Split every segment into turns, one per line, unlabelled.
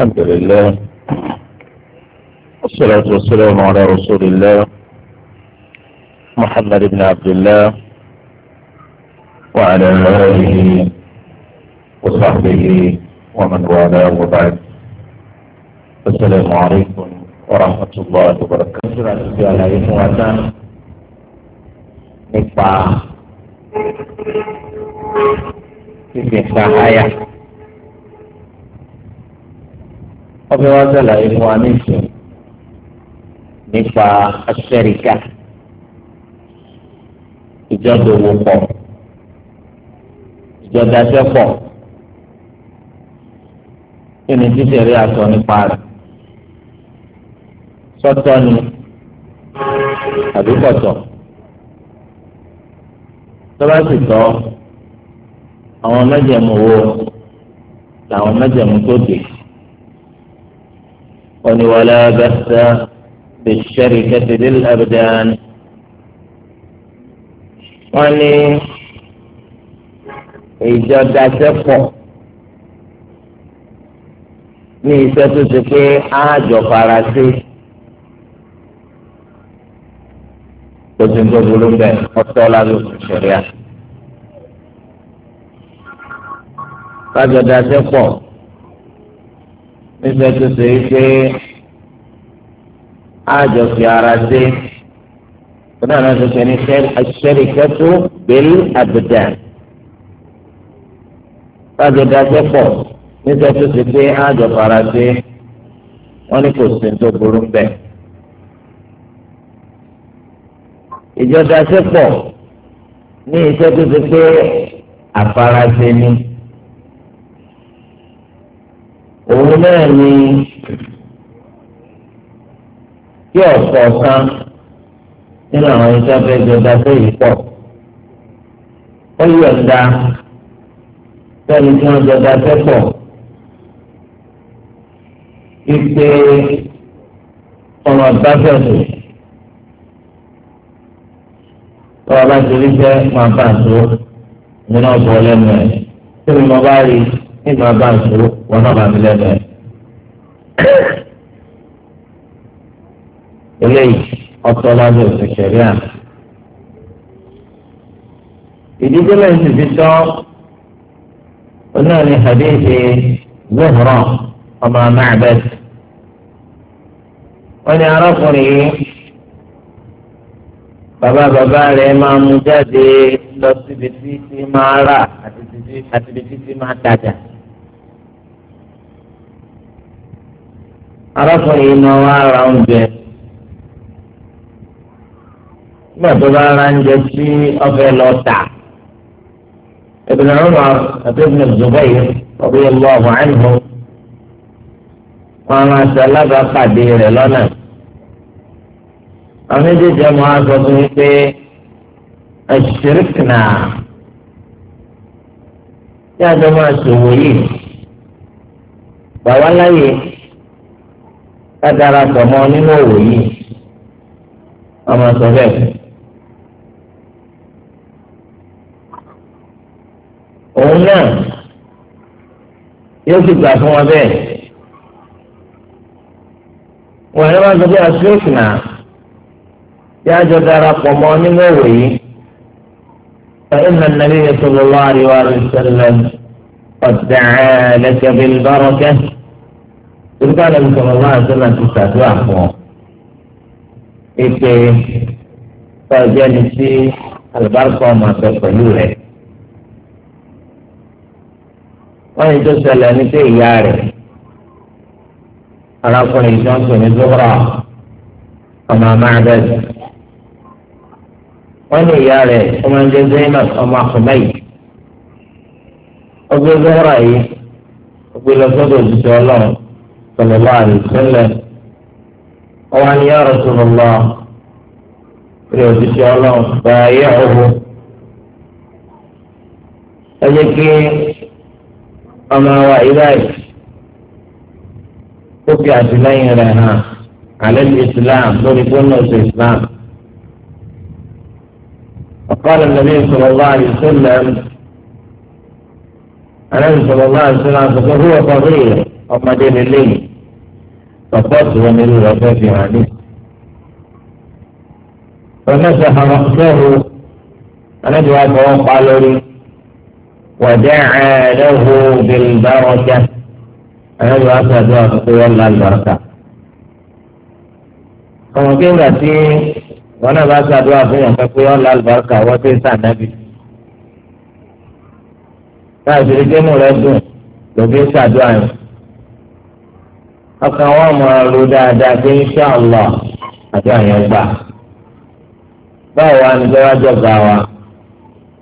الحمد لله والصلاة والسلام على رسول الله محمد بن عبد الله وعلى آله
وصحبه ومن والاه وبعد السلام عليكم ورحمة الله وبركاته نقطع في
wọ́n fẹ́ wá sàlàyé fún wa nísìnyí nípa asẹ́ríkà ìjọba owó pọ̀ ìjọba ẹsẹ̀ pọ̀ kí ni títẹ̀rí àsọ nípa rẹ̀ sọ́tọ̀ ni àbí kọ̀tọ̀ tọ́ba sì tọ́ àwọn mẹ́jẹ̀mú wo làwọn mẹ́jẹ̀mú tó dé wọn wọlé abẹ́sẹ̀ fi ṣẹ́rí kẹ́tìdé abidjan wọn ní ìjọdasẹ́pọ̀ ní iṣẹ́ tó ti pé àjọ faransé tó ti ń tó burú bẹ́ẹ̀ ọ̀tọ̀ lábẹ́ òṣèré à. kájọdasẹ́pọ̀ níṣẹ́ tó ṣe é pé àjọ fi ara dé kódà náà tó ṣe ní ṣẹ́rí kẹ́tù bẹ́ẹ̀lì àbùdá láti dájọ́ pọ̀ níṣẹ́ tó ṣe pé àjọ fara dé wọ́n ní kò sí tó burú bẹ́ẹ̀. ìjọba ṣe pọ̀ ní iṣẹ́ tó ṣe pé àfarasẹ́ ni òun náà ni kí ọ̀kọ̀ọ̀kan nínú àwọn iṣẹ́ fẹ́ jọba fẹ́ yìí pọ̀ ó yọ̀ǹda sẹ́ni tí wọ́n jọba fẹ́ pọ̀ ìpè ọmọ báfẹ́sì tọ́wọ́ bá ti rí fẹ́ máa bá tó nínú ọ̀pọ̀ lẹ́nu ẹ̀ tí mo bá rí i ní ìgbà bá ń sòrò wọn náà bá mi lẹ́nu ẹ̀. eléyìí ọ̀tọ̀ lábẹ́ òfin ṣẹ̀ríà. ìdíje lẹ́yìn ti fi tọ́ onáà ní hadithi zuhra ọmọ Ma'bad. wọ́n ní arákùnrin yìí
bàbá bàbá rẹ̀ máa mú jáde
lọ síbi tí máa rà àti síbi máa tajà. arákùnrin yìí máa wá ra oúnjẹ nígbà tó bá ra oúnjẹ tí ọfẹ lọ tà Ibn Umar àti Ibn Zubayr radiyallahu anhu wọn máa ṣe alábàápàdé rẹ̀ lọ́nà àwọn méjèèjì ọmọ wa sọ fún mi pé ẹ̀ṣirìkìnà tí a máa ṣòwò yìí bàbá láyé. ẹdara sọmọ nínú òwò yìí ọmọ sọ bẹ́ẹ̀. òun náà yóò ti gbà fún wọn bẹ́ẹ̀ wọn ní wọn sọ bí asúrẹ́sì náà yá jọ dara pọ mọ́ nínú òwò yìí nà àríwá فإن النبي صلى الله عليه وسلم n bá rọ̀ بالبركة orúkọ àlọ́ ìsọ̀rọ̀ máa ń sọ́nà ti ṣàdúrà fún ọ. ètè ọjọ́ ni tí alùbáríkọ máa fẹ́ pẹ̀lú rẹ̀. wọ́n ní tó ṣẹlẹ̀ ní pé ìyá rẹ̀ arákùnrin johnson ní zuhra ọmọ amáadẹ́s. wọ́n ní ìyá rẹ̀ ọmọ ẹgbẹ́ zainab ọmọ akọ̀mẹ́yì. ọgbẹ́ zuhra yìí ọgbẹ́ lọ sọ́dọ̀ òṣìṣẹ́ ọlọ́run. صلى الله عليه وسلم أو وأن يا رسول الله يوجد شاء الله بايعه أجيكي أما وإليك وقع سلين لها على الإسلام نريدون الإسلام فقال النبي صلى الله عليه وسلم النبي صلى الله عليه وسلم فهو فضيل أما دين الليل rọpọ́ọ̀tì wọn nílò rọpẹ́ fi hàn ní. ọ̀nàṣà àwọn ṣẹ́hu anájú wa fọwọ́ pa lórí wàjẹ́ ẹ̀ẹ́dẹ́hu bìlbàrọ̀jà anájú wa sàdúrà pé wọ́n lọ àlùbáràkà. ọmọ kí n gbà tí wọn náà bá sàdúrà fún yàn pé wọ́n lọ àlùbáràkà wọ́n ti sànàbì. láti rí gémù rẹ dùn lòdì sàdúrà yẹn ọkàn wa máa ro dáadáa pé insha Allah àti àyàn gbà báwo wá ní bẹ́ẹ̀ wá jọ̀gá wa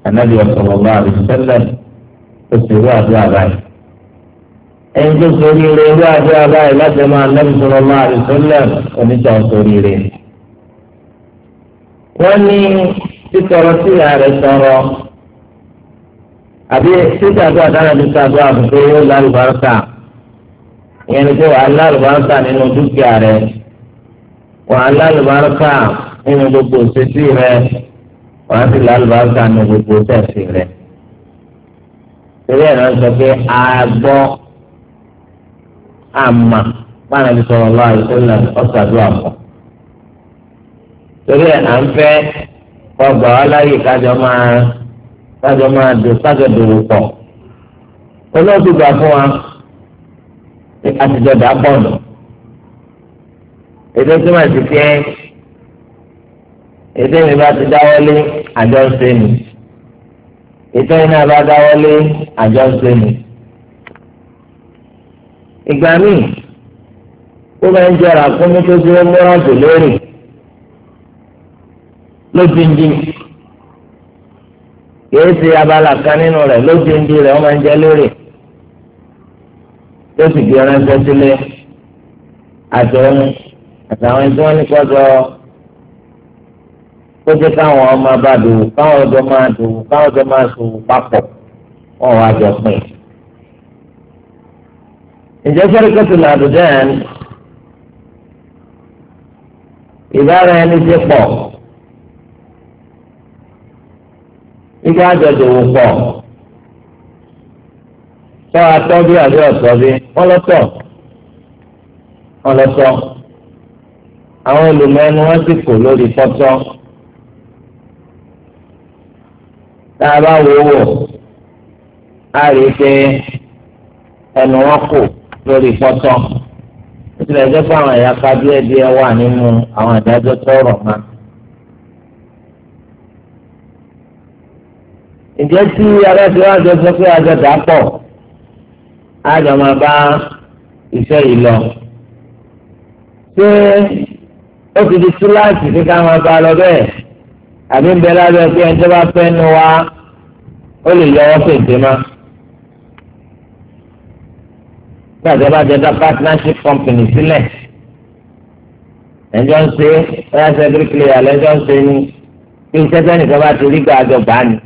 ànábì sallallahu alaihi wasallam ó sì rú àdúrà báyìí ẹni tó sori rẹ rú àdúrà báyìí láti máa ànábì sallallahu alaihi wasallam oníjà sori rẹ wọ́n ní títọrọ sí ìyá tọrọ àbí títàdúrà dára ní sàdúrà fún pé lálùbáràkà ìyẹn ni pé wà á lálùbáríkà nínú dúkìá rẹ wà á lálùbáríkà nínú gbogbo òṣèṣì rẹ wà á sì lálùbáríkà nínú gbogbo òṣèṣì rẹ. torí ẹ̀ náà sọ pé àgbọ̀ àmà báyìí ti sọ̀rọ̀ lọ́wọ́ àìsílẹ̀ ọ̀sàdúrà mọ́. torí ẹ̀ à ń fẹ́ ọgbà ọláyè kájọ máa kájọ máa dò kájọ dòrò pọ̀. olóòtú gbà fún wa àtijọ́ dà pọ̀ nù. èdè tó máa ti pé èdè mi bá ti dáwọ́lé àjọ ń ṣe mi ètò iná bá dáwọ́lé àjọ ń ṣe mi. ìgbà míì ó máa ń jọra fún mi tó dúró múra jù lórí lójijì kìí ṣe abala kan nínú rẹ̀ lójijì rẹ̀ ó máa ń jẹ lórí yóò sì gbé ránṣẹ́ sílé àtòun àtàwọn ẹni tí wọ́n ní kọ́ sọ kó jẹ́ káwọn ọmọ bá dòwò káwọn ọjọ́ máa dòwò káwọn ọjọ́ máa sòwò papọ̀ wọ́n wá jọ pín. ǹjẹ́ sẹ́ríkẹ́tì làdùjẹ́ ẹni ìbára ẹni ti pọ̀ ìgbà àjọ dòwò pọ̀ tọ́ atọ́jú àbí ọ̀tọ́bí ọlọ́tọ̀ ọlọ́tọ̀ àwọn olùmọ̀ẹ́nu wọn sì kò lórí pọ́tọ́ tá a bá wò wò a rí i pé ẹnu wọn kò lórí pọ́tọ́ ìtura ẹ̀jẹ̀ fún àwọn ẹ̀yà ká díẹ̀ díẹ̀ wà nínú àwọn àdájọ́ tọrọ máa. ǹjẹ́ tí aláṣẹ wa jọ sọ pé àjọ dà pọ̀? àjọ máa bá iṣẹ́ yìí lọ. ṣé ó ti di síláàsì kí ká máa bá a lọ bẹ́ẹ̀ àbí ń bẹ lábẹ́ pé ẹni bá fẹ́ nu wa ó lè yọ ọ́ pèsè má. gbàgbé bá jẹ dá partnership company sílẹ̀ ẹjọ́ ń ṣe ẹ̀yà sẹ́kírì kìlẹ̀ àlẹ́ ẹjọ́ ń ṣe ni kí iṣẹ́ sẹ́nìkan bá ti rí gbàgbọ́ bá ni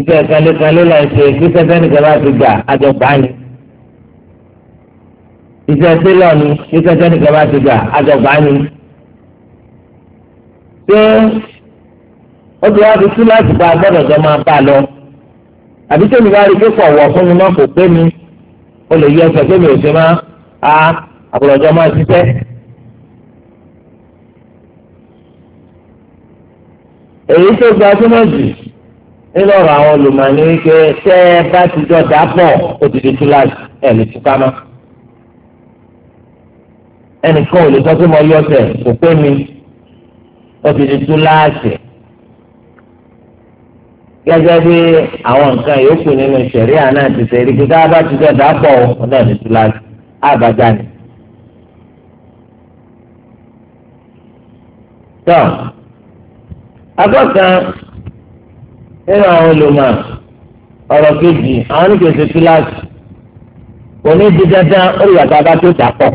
iṣẹ́ kanlékanlé là ń ṣe kí sẹ́sẹ́nì kan bá ti gbà àjọ gbà ni iṣẹ́ télọ̀ ni kí sẹ́sẹ́nì kan bá ti gbà àjọ gbà ni. ṣé ó ti wá fi tú láti bá gbọ́dọ̀ jọ máa bá a lọ àbí tèmi bá rí kíkọ̀ wọ̀ fún mi náà kò pé mi ó lè yí ẹsẹ̀ pé mi ò ṣe máa a àbùrọ̀jọ máa ṣiṣẹ́. èyí tó gba súnmọ́ jù nínú ọ̀rọ̀ àwọn olùmọ̀ọ́ni wípé tẹ́ ẹ bá ti jọ dàpọ̀ ó ti di kíláàsì ẹ̀ lè túká ẹnìkan ò lè sọ pé mo yọ ọsẹ kò pé mi ó ti di kíláàsì. gẹ́gẹ́ bí àwọn nǹkan yòókù nínú ìṣẹ̀ríà náà ti ṣe rí pé tá a bá ti jọ dàpọ̀ ó náà kíláàsì àbájá ni. tọ́ akọ́kàn nínú àwọn olùmọ̀ ọ̀rọ̀ kejì àwọn oníkèsè kíláàsì òní di dandan ó lè yàtọ̀ abá tó dàpọ̀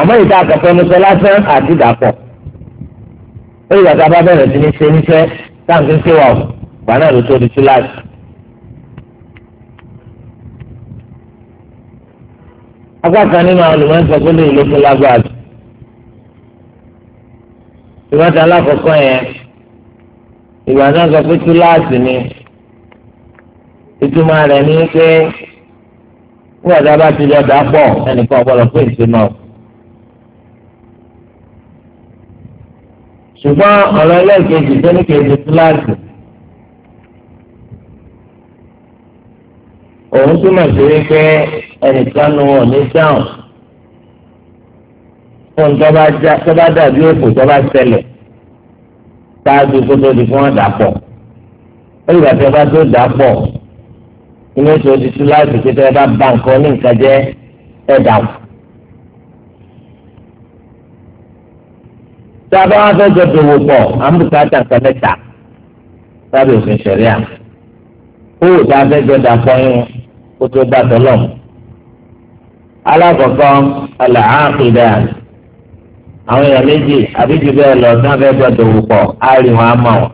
àmọ́ ìta àkàfẹ́ nípa lásán àti dàpọ̀ ó lè yàtọ̀ abá bẹ̀rẹ̀ sí ní ṣe níṣẹ́ táǹkì ń ṣèwà ọ̀gbà náà ló tó di kíláàsì. agbáka nínú àwọn olùmọ̀ ń sọ pé lóyún ló fún lágbára ìwádìí alákọ̀ọ́kọ́ yẹn ìgbà náà sọ pé kíláàsì ni ìtumọ̀ rẹ̀ ní pé nígbà tá a bá ti lọ dà pọ̀ ẹnìkan ọ̀pọ̀lọ̀ pé ìsinmi ọ̀. ṣùgbọ́n ọ̀rọ̀ ẹlẹ́ẹ̀kejì tó ní kejì kíláàsì òun túmọ̀ sí wípé ẹnìkan nu wọn ní dáhùn fún tó bá dàbí òkú tó bá ṣẹlẹ̀ ṣáájú kó tó di fún wọn dàpọ̀ ẹgbẹ́ tí ẹ bá tó dàpọ̀ inú ètò òtítù láti pé tí ẹ bá ba nǹkan ní nǹkan jẹ́ ẹ dàpọ̀. tí a bá wá fẹ́ jọ dòwò pọ̀ àmúkàtà nǹkan mẹ́ta lábẹ́ òfin ṣẹ̀ríà owó tá a fẹ́ jọ dàpọ̀ yín kó tó bá tọ́lọ̀ alákọ̀ọ́kọ́ àlàáfíà àwọn èèyàn méjì àbíjú bẹ́ẹ̀ lọ tí wọ́n fẹ́ gbọ́dọ̀ wò pọ̀ á rí wọn á mọ̀ wọn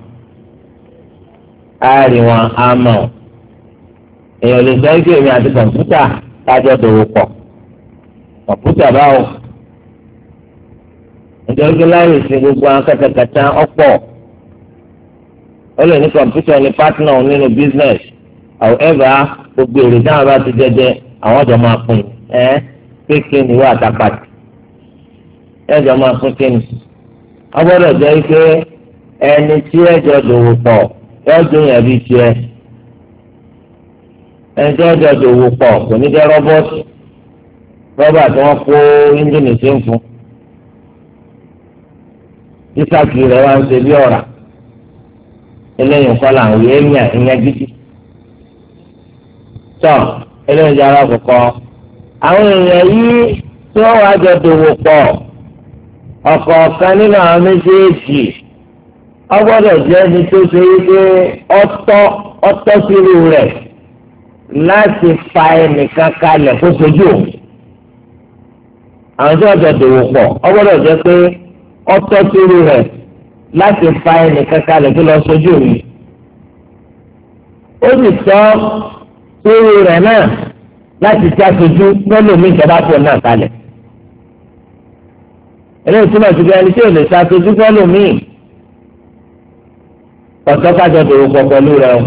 á rí wọn á mọ̀ wọn. èèyàn lè sọ ike mi àti kọ̀ǹpútà lájọ́ dòwò pọ̀ kọ̀ǹpútà báwo. nítorí pé láyé ìsìn gbogbo àwọn kẹtẹkẹtẹ ọ̀pọ̀ ó lè ní kọ̀ǹpútà ní pátínà òun nínú business however gbogbo èrè náà bá ti jẹjẹ àwọn ọ̀dọ́ máa pín ẹ́ kékeré ni wọ́n àtàpàtì ẹjọ́ máa pín kíni ọgbọ́dọ̀ jẹ́ pé ẹni tí ẹjọ́ dòwò pọ̀ yọdún yẹn bí tiẹ̀ ẹni tí ẹjọ́ dòwò pọ̀ kò ní jẹ́ rọ́bọ́tì rọ́bà tí wọ́n kó íńjìnì sí ń fún sísàkì rẹ̀ wá ń ṣe bí ọ̀rà eléyìí nǹkan là ń wí ẹ̀yìn ìyẹn gidi tọ́ eléyìí jẹ́ alákọ̀ọ́kọ́ àwọn èèyàn yìí tí wọ́n wá jọ dòwò pọ̀ ọ̀kọ̀ọ̀kan nínú àwọn méjèèjì ọgbọ́dọ̀ jẹ́ ẹni tó ṣe wípé ọtọ́ ọtọ́ sírú rẹ̀ láti fa ẹnìkan kalẹ̀ kó sojú òun. àwọn tí wọ́n jọ dòwò pọ̀ ọgbọ́dọ̀ jẹ́ pé ọtọ́ sírú rẹ̀ láti fa ẹnìkan kalẹ̀ kó lọ sojú òun. ó sì sọ sírú rẹ̀ náà láti já sojú lọ́lọ́mí ìjọba tó náà kalẹ̀ eléyìí túmọ̀ sí pé ẹni tí ò lè ṣàtúntò pẹ́lú mi ọ̀tọ́ kájọ dòwò pọ̀ pẹ̀lú rẹ o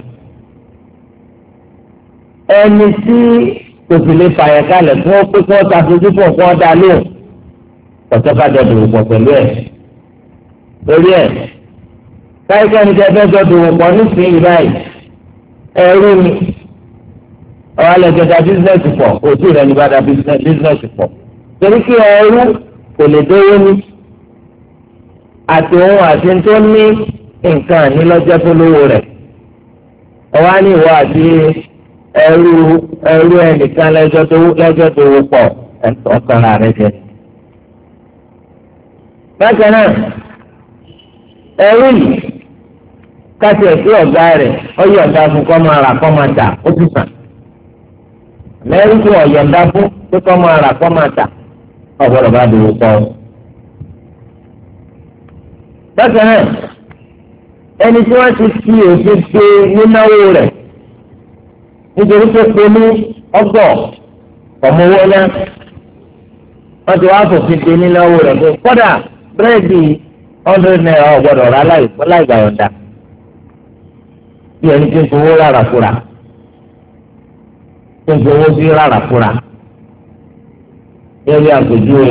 ẹni tí kò sì lè fàyẹ̀ kalẹ̀ fún pé kí wọ́n ṣàtúntò pọ̀ fún ọ̀dà lóò ọ̀tọ́ kájọ dòwò pọ̀ pẹ̀lú ẹ̀ lórí ẹ̀ káyọ̀kẹ́ ẹni tẹ́ fẹ́ jọ dòwò pọ̀ nísìnyí báyìí ẹrú mi ọ̀hálẹ̀ jọ̀dá bísíǹsì pọ̀ òtún rẹ̀ ní bá da bísíǹsì pọ̀ torí kí ẹrú. kò lè dówó ní àti òun àti tó ní nǹkan àní lọ́jọ́ tó lówó rẹ̀ ọwọ́ á ní ìwọ àti ẹrú ẹrú ẹnìkan lọ́jọ́ tó lọ́jọ́ pọ̀ ọkàn rẹ̀ jẹ. bákan náà ẹrú yìí kásì ẹ̀sí ọ̀gá rẹ̀ ọyọ̀ ọ̀gá fún kọ́ ara rà ó ti sàn. mẹ́rin ọ̀gbọ́dọ̀ bá dòwò pọ̀. bákan náà ẹni tí wọ́n ti fi òfin ṣe nínáwó rẹ̀ nítorí pé pẹ̀lú ọgbọ̀ ọ̀mọ̀wọ́ náà wọ́n ti wá fòfin ṣe nínáwó rẹ̀ pé kọ́dà búrẹ́dì hundred naira ọ̀gbọ́dọ̀ rà láìgbà yọ̀ǹda bí ẹni tí ń fowó rárá fúra tí ń fowó sí rárá fúra lórí àpèjúwe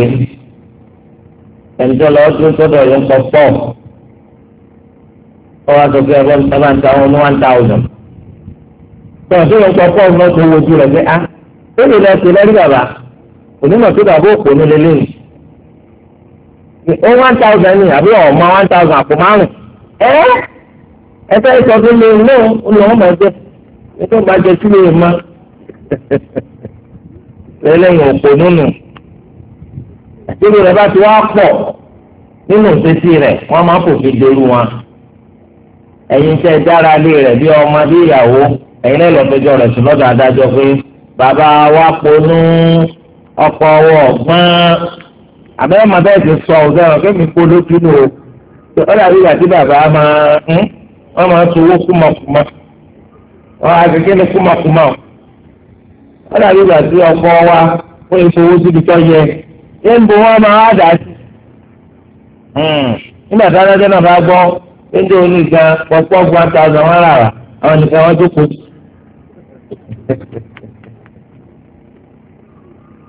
ẹnjọ́ lọ́wọ́ tó sọ́dọ̀ yóò kọ́ pọ̀ ọwọ́ àtọ́kù ẹ̀rọ ní sábà ń ta wọn ní one thousand tó ọ̀dọ́ yóò kọ́ pọ̀ lọ́wọ́ tó wojú rẹ̀ pé a ah, ó lè lọ sí lọ́rí bàbá onímọ̀ tó dàbó òpó ní lélẹ́yìn ó one thousand ni àbí ọ̀ọ́mọ one thousand àpò márùn ẹ ẹ fẹ́ sọ fún mi náà ó lọ́wọ́ máa jẹ nítorí máa jẹ sílé yẹn má lẹ́lẹ́yìn òpó nínú torí rẹ̀ bá ti wá pọ̀ nínú ìṣesí rẹ̀ wọ́n máa fòfin dorú wọn ẹ̀yin tẹ́ dára lé rẹ̀ bí ọmọ bí ìyàwó ẹ̀yin náà lọ́fẹ̀jọ́ rẹ̀ sùn lọ́dọ̀ adájọ́ pé bàbá wa ponú ọkọ̀ ọwọ́ ọ̀gbọ́n àbẹ́rẹ́ màá bẹ́ẹ̀ ti sọ ọ̀gẹ́rùn kémi kó lókì ní o ó dàbí ìgbà tí bàbá máa ń hmm, wọ́n máa ń sowó kúmọ̀kúmọ̀ wọ́n á kékeré ní kúmọ̀kúmọ̀ ó dàbí ìgbà tí ọkọ̀ wa ó lè fowó síbi tó yẹ níbo wọn máa dà sí. Hmm. nígbà tí adájọ́ náà bá gbọ́ ẹjọ́ gan pọ̀pọ̀ one thousand one rárá àwọn nìkan tó kojú.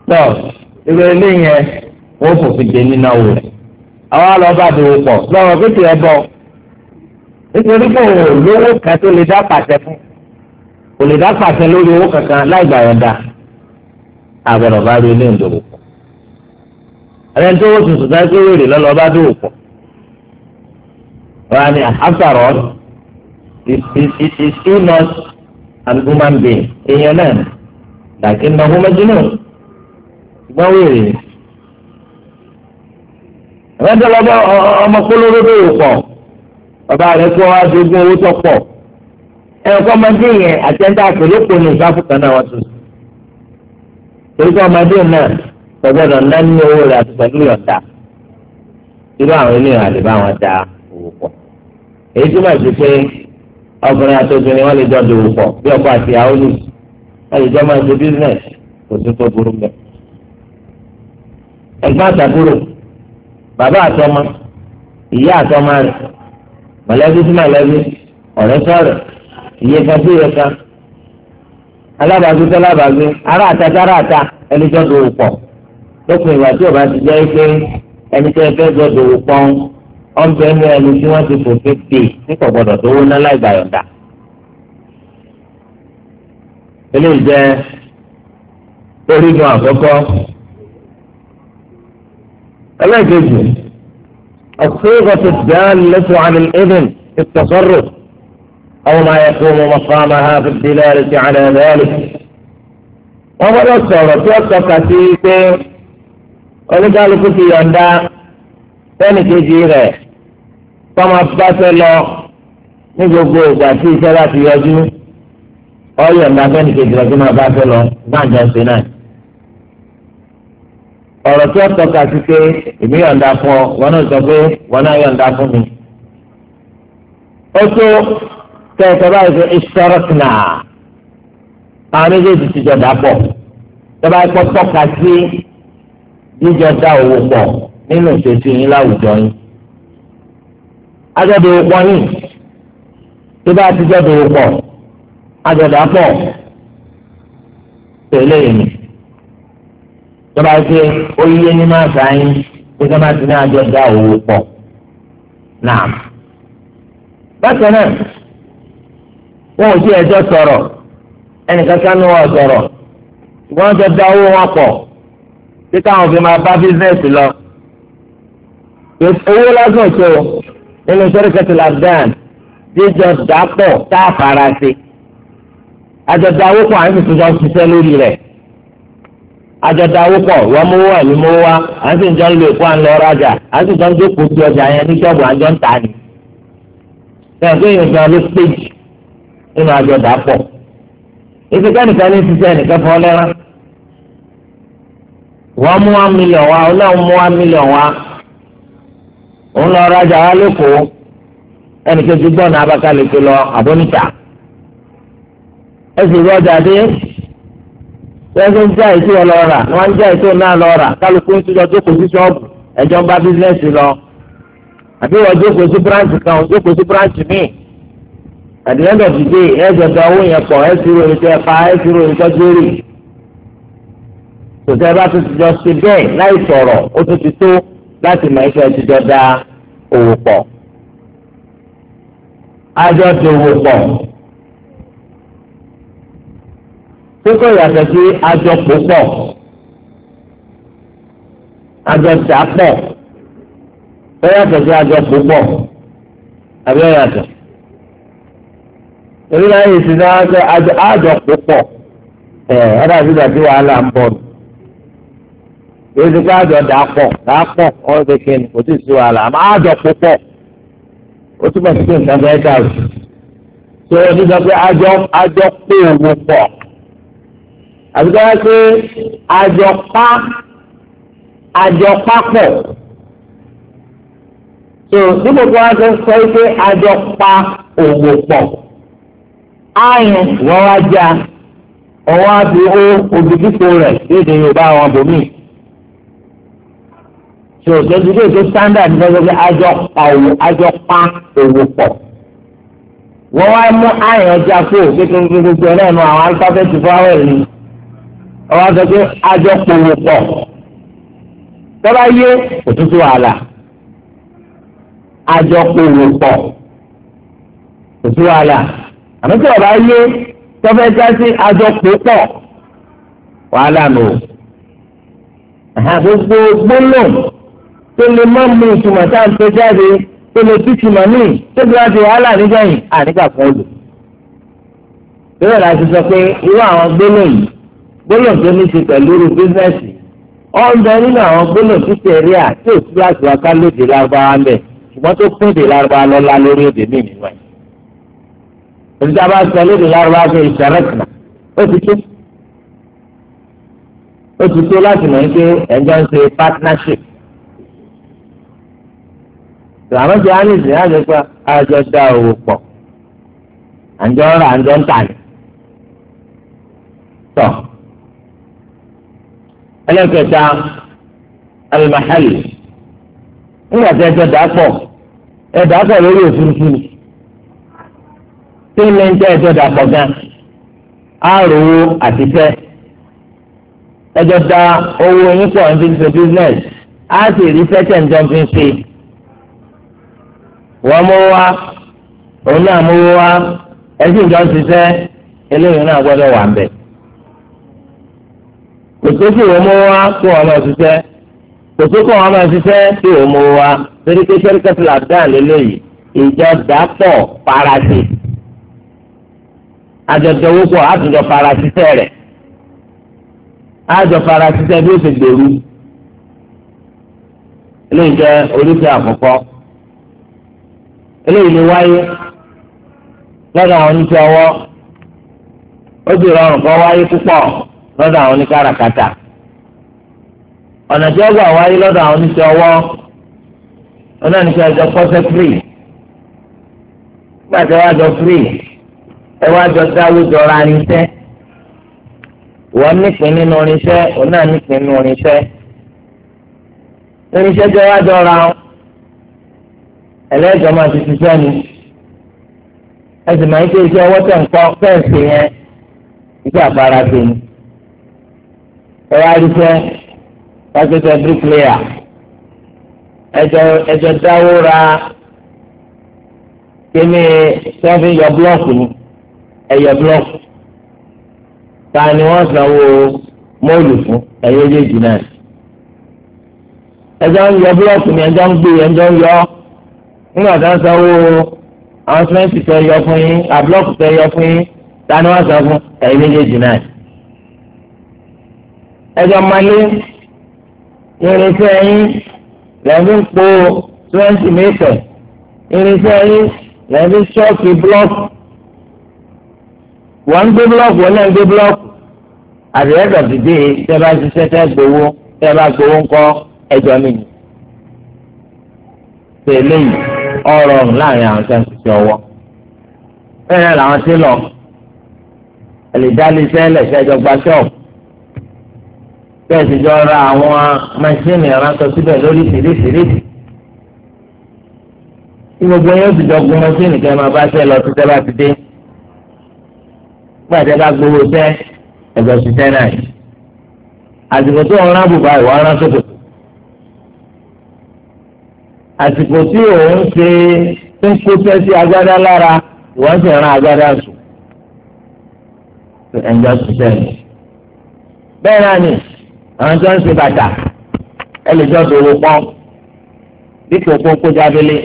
tọ́ ìgbẹ́ ilé yẹn wọ́n fòfin dé nínú rẹ̀ àwọn alọ́ba lọ́wọ́ pété ẹ nítorí pé òun ò lówó kan tó lè dá pàṣẹ fún kò lè dá pàṣẹ lórí owó kankan láì àti ẹni tó wọ́n tuntun sáyé pé wèrè lọ́lọ́ bá dé òpọ̀ wọ́n á ní after all it is it is still not an human being èèyàn náà dàkí ní ọkùnrin méjì náà ṣùgbọ́n wèrè ni. ìrántí ọlọ́mọ ọmọ kólóró dé òpọ̀ bàbá rẹ̀ kó wá dogun owó tó pọ̀ ẹ̀kọ́ ọmọdé yẹn àtẹ́ńdá àpèlópọ̀ ní ìsáfù kan náà wọ́n tún. torí pé ọmọdé náà ọgbọ́dọ̀ ńlá ní owó rẹ̀ àti pẹ̀lú ìyọ̀ǹda irú àwọn ènìyàn àlè bá wọn da owó pọ̀ èyí túmọ̀ sí pé ọkùnrin àti obìnrin wọn lè jọ dòwò pọ̀ bí ọkọ àti ìyàwó nì wọn lè jọ máa ṣe business kò sí tó burú mẹ́. ẹ̀gbọ́n àtàbúrò bàbá àtọmọ ìyá àtọmọ rẹ̀ mọ̀lẹ́bí sí mọ̀lẹ́bí ọ̀rẹ́ sọ̀rọ̀ iye kan sí iye kan alábàágbé sọ́lábàágbé ará àta sára àta ẹni jọ dòwò pọ̀. lópin ìgbà tí ọba ti jẹ́ pé ẹni tẹ́ fẹ́ gbọ́dọ̀ wò pọ́n ọ̀nbẹ ní ẹni tí wọ́n ti je wọ́n náà láì gbàyọ̀dà. eléyìí pè nípa gbọ́dọ̀ tó wó ná láì gbàyọ̀ǹda. eléyìí won na orígun àkọ́kọ́ ẹlẹ́gẹ̀ẹ́jì gbọ́dọ̀ sọ̀rọ̀ won الصيغة maa عن الإذن lerii ti أو ما يقوم sí pé oníkálukú ti yọ̀ǹda fẹ́ni kejì rẹ̀ kọ́mọ bá fẹ́ lọ ní gbogbo ìgbà tí iṣẹ́ bá ti yọjú ọ yọ̀ǹda fẹ́ni kejì rẹ̀ kí máa bá fẹ́ lọ gbàǹjọ ṣe náà. ọ̀rọ̀ tí ó tọ́ka sí pé èmi yọ̀ǹda fún ọ wọn náà sọ pé wọn náà yọ̀ǹda fún mi. ó tó tẹ báyìí fún ìṣọ́rọ̀tìnà àwọn méjèèjì ti jọ dà pọ̀ tọ́ba ẹ̀kọ́ tọ́ka sí níjọ dá owó pọ̀ nínú ìṣesí yín láwùjọ yín. ajọ́dọ̀ owó pọ̀ yìí tó bá ti jọ́dọ̀ owó pọ̀ ajọ́dọ̀ apọ̀ tẹ̀lé yìí tó bá ṣe oyíyé ní máa sá yín tó ká má ti ní ajọ́ dá owó pọ̀ náà. bákan náà wọn ò sí ẹjọ́ sọ̀rọ̀ ẹnìkan kánú wọn sọ̀rọ̀ ṣùgbọ́n wọ́n jọ dá owó wọn pọ̀ tí káwọn fi máa bá bísíǹsì lọ. owó lásán tó nínú sẹ́ríkẹ́tì làbdán jíjọ dàpọ̀ tá a fara sí. àjọ̀dá owó kan àyìnbó tó jọ ṣiṣẹ́ lórí rẹ̀. àjọ̀dá owó kan wọ́n mú wà ní mú wá à ń sì jọ ń lo ìkó à ń lọ rajà à ń sì jọ ń jókòó sí ọjà yẹn ní ṣọ́ọ̀bù àjọ ń tà ní. ṣèǹkó yìí nìkan ló péjì nínú àjọ̀dá pọ̀. ìṣèkẹ́ ní ṣiṣẹ́ nìkan fọ́ lẹ́rán wọ́n mú one million wá ọlọ́run mú one million wá òun lọ rajà wá lẹ́kọ̀ọ́ ẹnì kejì gbọ́nà Abakaliki lọ àbónítà ẹsì rọjà dé wọ́n ń já ètò ọlọ́ra wọ́n ń já ètò náà lọ́ra kálukú ń tijọ́ jókòó sí ṣọ́ọ̀bù ẹ̀jọ̀ ń bá bísíǹsì lọ àbí wọ́n jókòó sí bíráǹtì kan wọ́n jókòó sí bíráǹtì míì àdìyẹ́ndọ̀ ti dé ẹ̀jọ̀ gba owó yẹn pọ̀ ẹ̀sì ròyìn tẹ́ pa ẹ̀sì ròyìn tọ́jú rì tòtẹ́ bá tún ti jọ ṣe bẹ́ẹ̀ láì sọ̀rọ̀ ó tún ti tó láti mọ̀ ẹgbẹ́ ti jọ da òwò pọ̀ àjọ ti òwò pọ̀ kókó yàtọ̀ sí àjọ pòpọ̀ àjọ tà pọ̀ ó yàtọ̀ sí àjọ pòpọ̀ àbí ó yàtọ̀ èmi náà yìí sí náà àjọ pòpọ̀ ẹ̀ ọ́ dàbí dàbí wàhálà ń bọ̀ nù èyí ká àjọ dà pọ̀ dà pọ̀ ọ̀dẹ kẹ́ni kò tí ì sí wàhálà àmọ́ àjọ púpọ̀ ó túbọ̀ sí pé nǹkan bẹ́ẹ̀ dàrú tó o ti sọ pé àjọ àjọ pé òwò pọ̀ àbí ká pé àjọ pa àjọ papọ̀ tó nígbà tó wá sọ sọ pé àjọ pa òwò pọ̀ ààyàn wọ́n wá já ọwọ́ àti ó òbí kíkó rẹ̀ lédè Yorùbá àwọn bòmíì tí o tó dúró tó standard ní sọ́jọ́ àjọ pàwọ́ àjọ pa òwò pọ̀. wọ́n wá mú àyàn ọjà kó kékeré gbogbo náà nu àwọn alifábẹ́ẹ̀tì fáwọ̀ ni wọ́n sọ pé àjọ pòwò pọ̀. tọ́lá yé òtútù wàhálà àjọ pòwò pọ̀ òtútù wàhálà àmì tí ọ̀rọ̀ ayé tọ́fẹ́ já sí àjọ pòpọ̀ wàhálà nù. gbogbo gbólóhùn tó lè má mú ìtumọ̀ tá à ń tó jáde tó lè tútù mọ̀ ní tó bí wọ́n ti wàhálà nígbẹ̀yìn ànígbà kan lò. bẹ́ẹ̀ la ti sọ pé irú àwọn gbólóyìn gbólóyìn tó ní ṣe pẹ̀lú irú bísíǹsì ọ̀nbẹ nínú àwọn gbólóyìn tó ṣe rí à tí ò sí láti wá ká lóde lárúbáwá ń bẹ̀ ṣùgbọ́n tó pín èdè lárúbáwá lọ́la lórí èdè míì nínú a bá sọ lóde lárúbáwá pé ìṣẹ̀rẹ̀kìnà ó ti tó ó ti tó láti mọ̀ ní pé ẹ̀jọ́ ń ṣe partnership làwọn jẹ ánìsì náà lè pa àjọ dá owó pọ̀ àjọ rà àjọ ń tà ní. tọ ẹlẹ́kẹta alimahali nígbà tí ẹjọ́ dà pọ̀ ẹ dà pọ̀ lórí òfurufú tí ilé ń tẹ́ ẹjọ́ dà pọ̀ gan àròwó àtìtẹ́ ẹjọ́ dá owó yín ń fi ṣe business á sì rí sẹ́tẹ̀ ń jọ fi ń ṣe. wọ́n mú wá òun náà mú wá ẹtí ìjọ ń ṣiṣẹ́ eléyìí náà gbọ́dọ̀ wà mbẹ̀. kòtò kí wọ́n mú wá kí wọ́n máa ṣiṣẹ́ kòtò kí wọ́n máa ṣiṣẹ́ kí wọ́n mú torí pé ti gbèrú eléyìí lè wáyé lọ́dọ̀ àwọn oníṣẹ́ ọwọ́ ó sì rọrùn wáyé púpọ̀ lọ́dọ̀ àwọn oníkàràkátà ọ̀nà tí ó wáyé lọ́dọ̀ àwọn oníṣẹ́ ọwọ́ onáníṣẹ́ ọjọ́ pọ́sẹ́ gbàtẹ́ wá jọ fírì ẹ wá jọ dáwó irinṣẹ́ wọ́n nípìn nínú irinṣẹ́ ẹlẹ́jọ́ máa ti ṣiṣẹ́ ni ẹ sì máa ń ké iṣẹ́ ọwọ́ tẹ̀ ń kọ́ fẹ́ǹsì yẹn iṣẹ́ àfara ṣe ni ẹ wá rí iṣẹ́ pásítọ̀ bíríkìlẹ́yà ẹjọ́ dáwó ra kíní sẹ́fì yọ búlọ́ọ̀kù ni ẹ̀yọ búlọ́ọ̀kù ta ni wọ́n sanwó mọ́ọ̀lù fún ẹ̀yọ́ méjèèjì náà ẹjọ́ ń yọ búlọ́ọ̀kù ni ẹjọ́ ń gbé ẹjọ́ ń yọ ọ́ nígbà tá a sanwó àwọn sìmẹ́ǹtì tẹ yọ fún yín àbúlọ́ọ̀kù tẹ yọ fún yín ta ni wọ́n san fún ẹ̀yin méjèèjì náà. ẹjọ́ malé irinṣẹ́ yín lẹ́yìn po sìmẹ́ǹtì mẹ́tẹ̀ irinṣẹ́ yín lẹ́yìn ṣọ́ọ̀kì búlọ́ọ̀kù wọ́n ń gbé búlọ́ọ̀kù wọ́n náà ń gbé búlọ́ọ̀kù àdìrẹ́tọ̀ dìde tẹ́ bá ṣiṣẹ́ tẹ́ gbowó tẹ́ bá gbowó ńkọ́ ẹjọ́ mi ni ọ̀rọ̀ ọ̀hún láàrin àwọn tó ń ṣiṣẹ́ ọwọ́ bẹ́ẹ̀ làwọn ti lọ ẹlẹ́dálẹ́sẹ́ lẹ́sẹ̀jọ gba ṣọ́ọ̀bù bẹ́ẹ̀ sì jọ ra àwọn máṣíìnì ìrántọ́ síbẹ̀ lórí fìdífìdífì tí gbogbo yóò ti jọ gun máṣíìnì kẹ́ máa bá ṣẹ́ lọ títẹ́ bá ti dé gbàtẹ́ bá gbowó sẹ́ ẹ̀gbọ́n ṣiṣẹ́ náà àsìkò tó ń rán bùbá ìwà rán sókòtò àsìkò tí òun ṣe ń kó sẹ́sí agbádá lára wọ́n sì ran agbádá sùn ẹ̀ńjọ́ ṣiṣẹ́ ni. bẹ́ẹ̀ náà ni àwọn tó ń ṣe bàtà ẹ lè jọ dòwò pọ́n dípò kó kó jábélé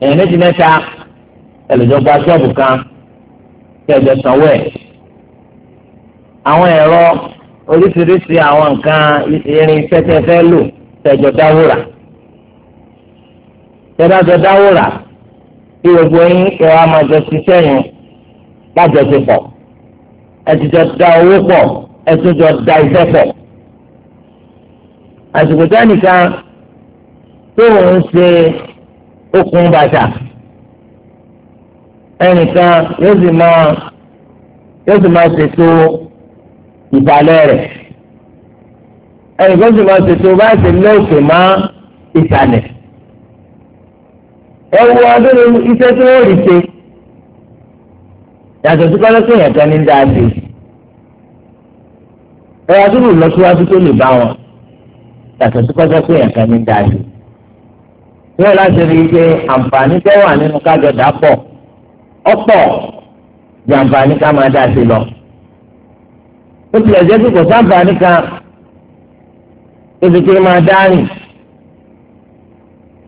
èèyàn méjì mẹ́ta ẹ lè jọ gba ṣọ́ọ̀bù kan kí ẹ jọ sanwó ẹ̀. àwọn ẹ̀rọ oríṣiríṣi àwọn nǹkan irin iṣẹ́ tẹ́ fẹ́ lò tẹ́jọ dáwó rà tẹ́lá jọ dáwó rà kí gbogbo yín kẹ́ wàá máa jọ ṣiṣẹ́ yẹn lájọṣepọ̀ ẹ ti jọ da owó pọ̀ ẹ tún jọ da iṣẹ́ pọ̀ àsìkò tánìkan tó ń ṣe okùn bàtà ẹnìkan yóò sì máa yóò sì máa ṣètò ìbàlẹ̀ rẹ̀ ẹnìkan sì máa ṣètò bá ṣe lóòkè má ìsàlẹ̀ ẹ wo ọdún nínú iṣẹ́ tí wọ́n rí ṣe yàtọ̀ sí kọ́lọ́sì yẹn kan ní dáadé ẹ wá dúró lọ́síwájú tó lè bá wọn yàtọ̀ sí kọ́lọ́sì yẹn kan ní dáadé wọ́n láti rí i pé àǹfààní tó wà nínú kájọ dàpọ̀ ọ̀pọ̀ ju àǹfààní ká máa dá sí lọ ó tilẹ̀ jẹ́ pé kò sáǹfààní kan ibi tí ó máa dá rìn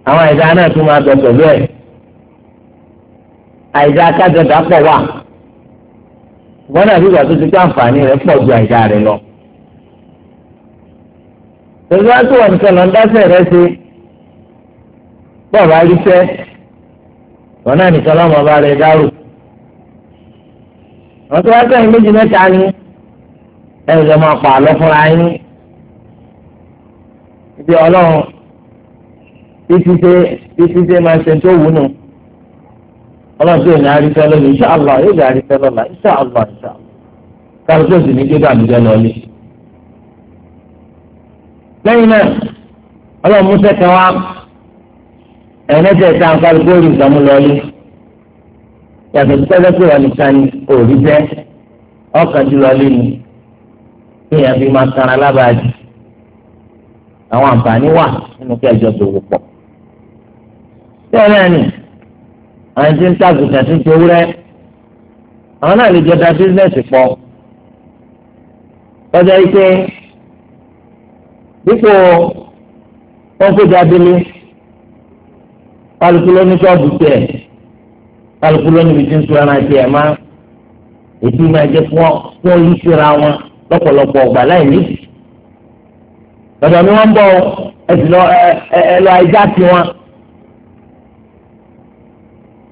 àwọn àìsàn náà tún máa bẹ pẹ̀lú ẹ̀ àìsàn akájọ dàpọ̀ wà gbọ́dọ̀ àbígbà tó ti ká àǹfààní rẹ̀ pọ̀ ju àìsàn rẹ̀ lọ. pẹ̀lú àti wọn nìkan lọ ń dáṣẹ̀ rẹ ṣe bọ́ọ̀ bá rí fẹ́ wọn náà nìkan lọ́mọ bá rẹ dárò. àwọn tó wá sẹ́yìn méjì mẹ́ta ni ẹ̀ máa pa àlọ́ fúnra yín. ibi ọlọ́run títí ṣe máa ṣe tó wù nù ọlọ́dún ìní àríṣẹ́ lónìí insha Allah yóò lè àríṣẹ́ lọ́la insha Allah insha Allah káàdùn tó sì ní gbégbá mi jẹ́ lọ́lé. lẹ́yìn náà ọlọ́run músẹ́ kan wá ẹ̀ẹ́dẹ́gbẹ̀ta kálukú orí ìgbàmú lọ́lé yàtọ̀ sí pẹ́ẹ́lẹ́ pé wọ́n nìkan ni òòrí jẹ́ ọkàn jù lọ́lé ni kéèyàn fi máa tara lábàájì àwọn àǹfààní wà nínú kí ẹjọ́ tó wò pọ̀ bẹ́ẹ̀ náà nì àwọn tí ń ta àgùntàn tí ń ti ewúrẹ́ àwọn náà lè jọ da bísíǹsì pọ̀ lọ́jọ́ ike dípò wọn kó da délé kálukú ló ní sọ́ọ̀bù tiẹ̀ kálukú ló níbi tí ń sọ́ra tiẹ̀ má ètí máa jẹ́ fún ọ fún oyún síra wọn lọ́pọ̀lọpọ̀ ọgbà láì níbi lọ́dọ̀ ni wọ́n ń bọ̀ ẹ lọ ẹ ẹ lọ ajá tiwọn.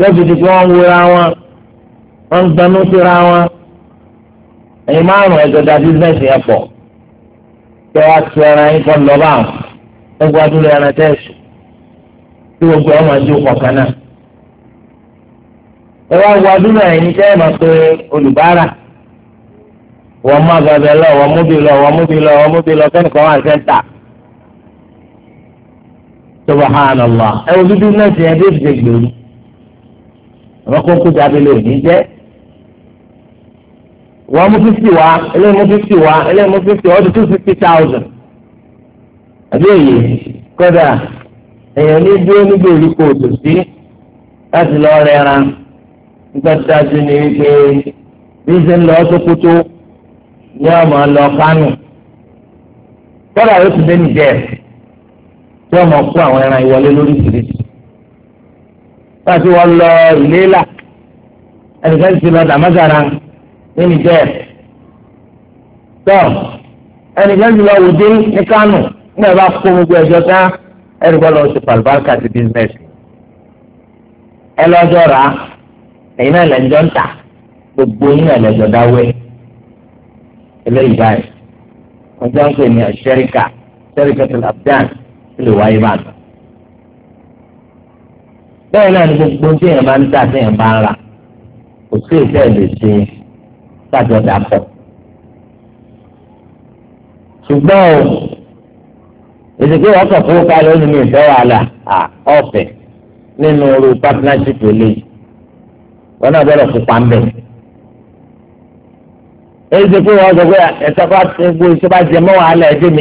wọ́n fi di ń wọn wọ́n ń gbanú síra wọn ẹ̀yin márùn-ún ẹ̀jọ̀ da bísíǹsì yẹn pọ̀ kí wọ́n á yín kọ́ lọ́ba àwọn wọ́n gbọ́ adúlọ̀ ẹran tẹ́sù tí gbogbo ọmọ ẹ̀jẹ̀ òkọ̀ kan náà ẹ wá gbọ́ adúlọ̀ ẹ̀yin tẹ́ ẹ̀ máa pe olùbárà wọ́n mú agbábẹ́ àwọn kókó jáde lè ní jẹ́ wọ́n mú fifty wá eléyìí mú fifty wá eléyìí mú fifty wá ó two fifty thousand àbí èyí kódà èèyàn ní dúró níbi ìrúkọ òtòsí láti lọ rẹran nígbà tí a ti ní wípé bí ṣe ń lọ Sókótó ní ọmọ lọ Kánò kódà ó ti dé nìjẹ́ tí ọmọ kó àwọn ẹran ìwọlé lóríṣiríṣi wọ́n ti wọ́n lọ ilé là ẹnìkan ti lọ dàmásàrà ní nìjẹ́ tọ́ ẹnìkan ti lọ wòdí ní kánò nígbà bá kó gbogbo ẹ̀jọ́ tán ẹnìkan lọ sí pàlùbáńkà ti bísínẹ́sì ẹ lọ́jọ́ rà á ẹ̀yin náà lẹ́jọ́ ń tà gbogbo yín náà lẹ́jọ́ dáwé eléyìí báyìí wọ́n jọ ń pè ní ṣẹ́ríkà ṣẹ́ríkà tó lọ abdán tó lè wáyé báyìí bẹ́ẹ̀ náà ni gbogbo tí èèyàn máa ń tà tí èèyàn máa ń rà kò sí ìfẹ́ lè ṣe tájọ dàpọ̀. ṣùgbọ́n o ìsìnkú ọkọ̀ fún kálí ó ní mi ìfẹ́ wàhálà ọ̀fẹ́ nínú oru partnership eléyìí wọn náà bẹ̀rẹ̀ fún pàmbẹ́. èyí pé wọ́n sọ pé ẹ̀sọ́ bá ti gbó mọ́ wàhálà ẹ̀dẹ́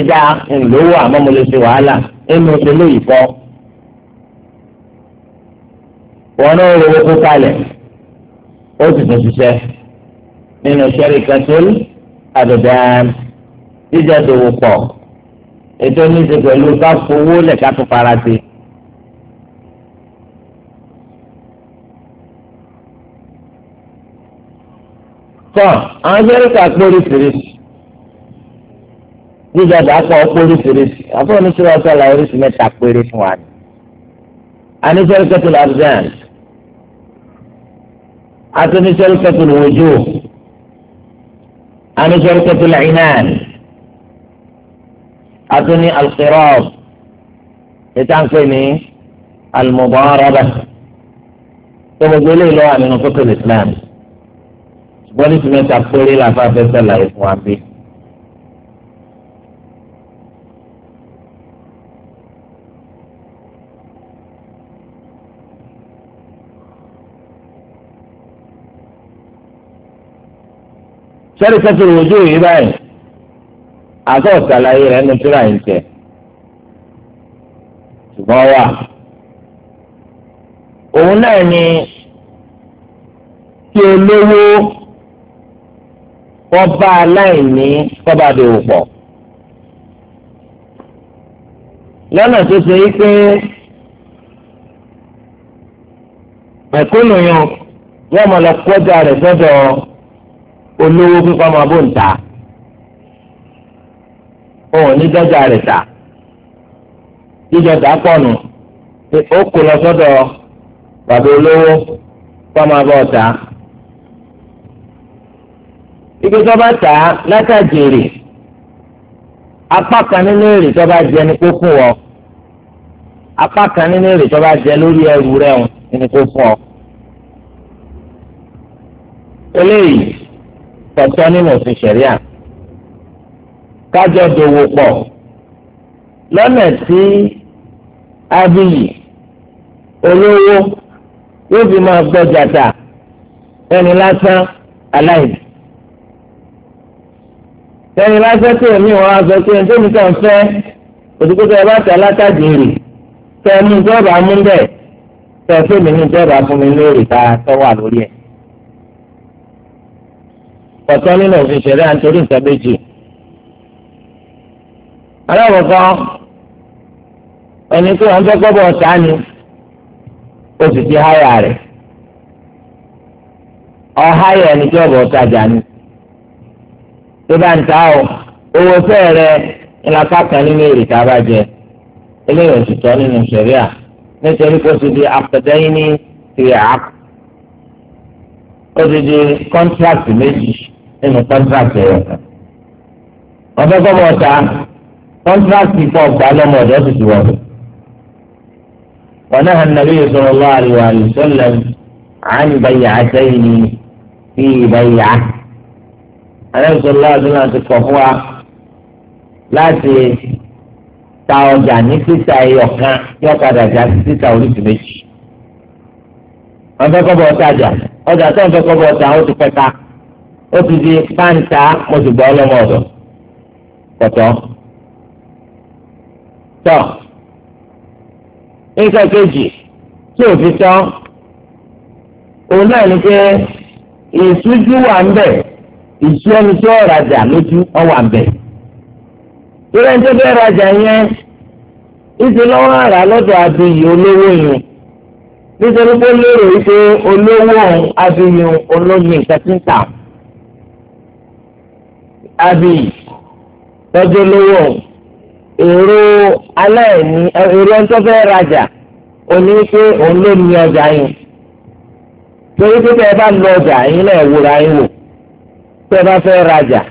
ńlọ́wọ́ àmọ́ mo lè ṣe wàhálà nínú ìṣẹ̀lẹ̀ yìí fọ́ wọn náà rọ owó kalẹ̀ ó sì tún ṣiṣẹ́ nínú sharikatul abdan jíjọ dòwò pọ̀ ètò oníṣe pẹ̀lú ká fowó lẹ̀ ká tún fara sí. tọ́ àwọn sẹ́ríkà póríṣiríṣi jíjọ dàpọ̀ póríṣiríṣi àfọwọ́nisí wa sọ̀rọ̀ oríṣi mẹ́ta péré fún wa ni. àní sẹ́ríkà tó lọ abdan àtúní sẹ́ríkẹ́tù lòwòjú àní sẹ́ríkẹ́tù lẹ́yìnán àtúní alqirab ìtànkè ní almudaraba tó gbogbo eléyìí lọ́wọ́ àmì nínú fẹ́kẹ̀lì islam bọ́lí tìmẹ́ta péré làfáfẹ́ sẹ́lá ìfún wa bíi. sẹ́rí sẹ́tù lójú yìí báyìí àgọ́ ọ̀sàlàyé rẹ̀ ń tura yìí tẹ̀ ṣùgbọ́n wà òun náà ni kí olówó wọ́n bá aláìní kọ́ba dòwò pọ̀ lọ́nà tó ṣe yí pé ẹ̀kọ́ nìyẹn wọ́n mọ̀ lọ kọjá rẹ̀ sọ́dọ̀ ọ́ olówó pípa máa bó ń ta òun ní dọ́jà rẹ̀ ta jíjọta pọ̀nù ó kó lọ sọ́dọ̀ bàbá olówó pípa máa bọ̀ ta ibi tó bá tà á látàjèrè apá kan nínú èrè tó bá jẹ ní kó fún ọ apá kan nínú èrè tó bá jẹ lórí ẹrù rẹ̀ ní kó fún ọ eléyìí tọ̀tọ̀ nínú òfin ṣẹ̀ríà kájọ dòwò pọ̀ lọ́nà tí abiyì olówó yóò fi máa gbọ́jà tà ẹni lásán aláìní tẹ́ni lásán tí èmi wọn á sọ pé ẹni tó mi fẹ́ òdìgbòtò ẹ bá tà rè tẹ́ ẹ mú mú bẹ́ẹ̀ tẹ́ ẹ fẹ́ fún mi lórí ta tọ́wà lórí ẹ̀ pọ̀tọ́ nínú òfin ṣẹ̀ríà nítorí nǹkan méjì. alábọ̀kọ́ ẹni tó wọn fẹ́ gbọ́bọ̀ ọ̀tá ni ó sì ti háyà rẹ̀ ọ̀háyà ẹni tó ọ̀bọ̀ ọ̀tajà ni tó bá ń ta ọ owó fẹ́ rẹ nínú èrè tá a bá jẹ eléyìí òṣìṣọ́ nínú ṣẹ̀ríà nítorí kó sì di àpẹ̀dẹ́yìn ní tìrẹ̀ ó ti di kọ́ńtíráàtì méjì nínú kọ́ńtrákì rẹ̀. ọ̀dọ́ gbọ́dọ̀ ta kọ́ńtrákì pọ̀ gbà lọ́mọ ọ̀dọ́ sì ti wọ̀lú. wọn náà nàbí sọ̀rọ̀ lọ́wọ́ àlùsọ́lẹ̀ àn bẹ̀yà àtẹ́yìn fi bẹ̀yà. àlẹ́ sọ̀rọ̀ lọ́wọ́ àdúrà ti kọ̀ fún wa láti ta ọjà ní títà ẹyọkan yọ padà já sí títà oríṣi méjì. wọ́n fẹ́ kọ́ ọjà tó ń fẹ́ kọ́ bọ̀ ọ̀tà ó ti pẹ́ka. ó ti di pàǹtà mo sì gbọ́ ọlọ́mọ ọ̀dọ̀ pọ̀tọ́. tọ́ nǹkan kejì tí òfin òun náà ẹni tí ó rajà lójú ọ wà ń bẹ̀. ìrẹ́ ní tó rajà yẹn ìṣe lọ́wọ́ àrà lọ́dọ̀ àbíyí olówó yẹn nítorí pé lérò wípé olówó àbíyí olóyin nǹkan tí ń tà. Abi tọ́jú lówó èrò aláìní èrò ẹ̀ńtọ́fẹ́ rajà òní pé ọjà yẹn torí pé tẹ́ ẹ bá lọ ọjà yín náà wúra yín wò tẹ́ bá fẹ́ rajà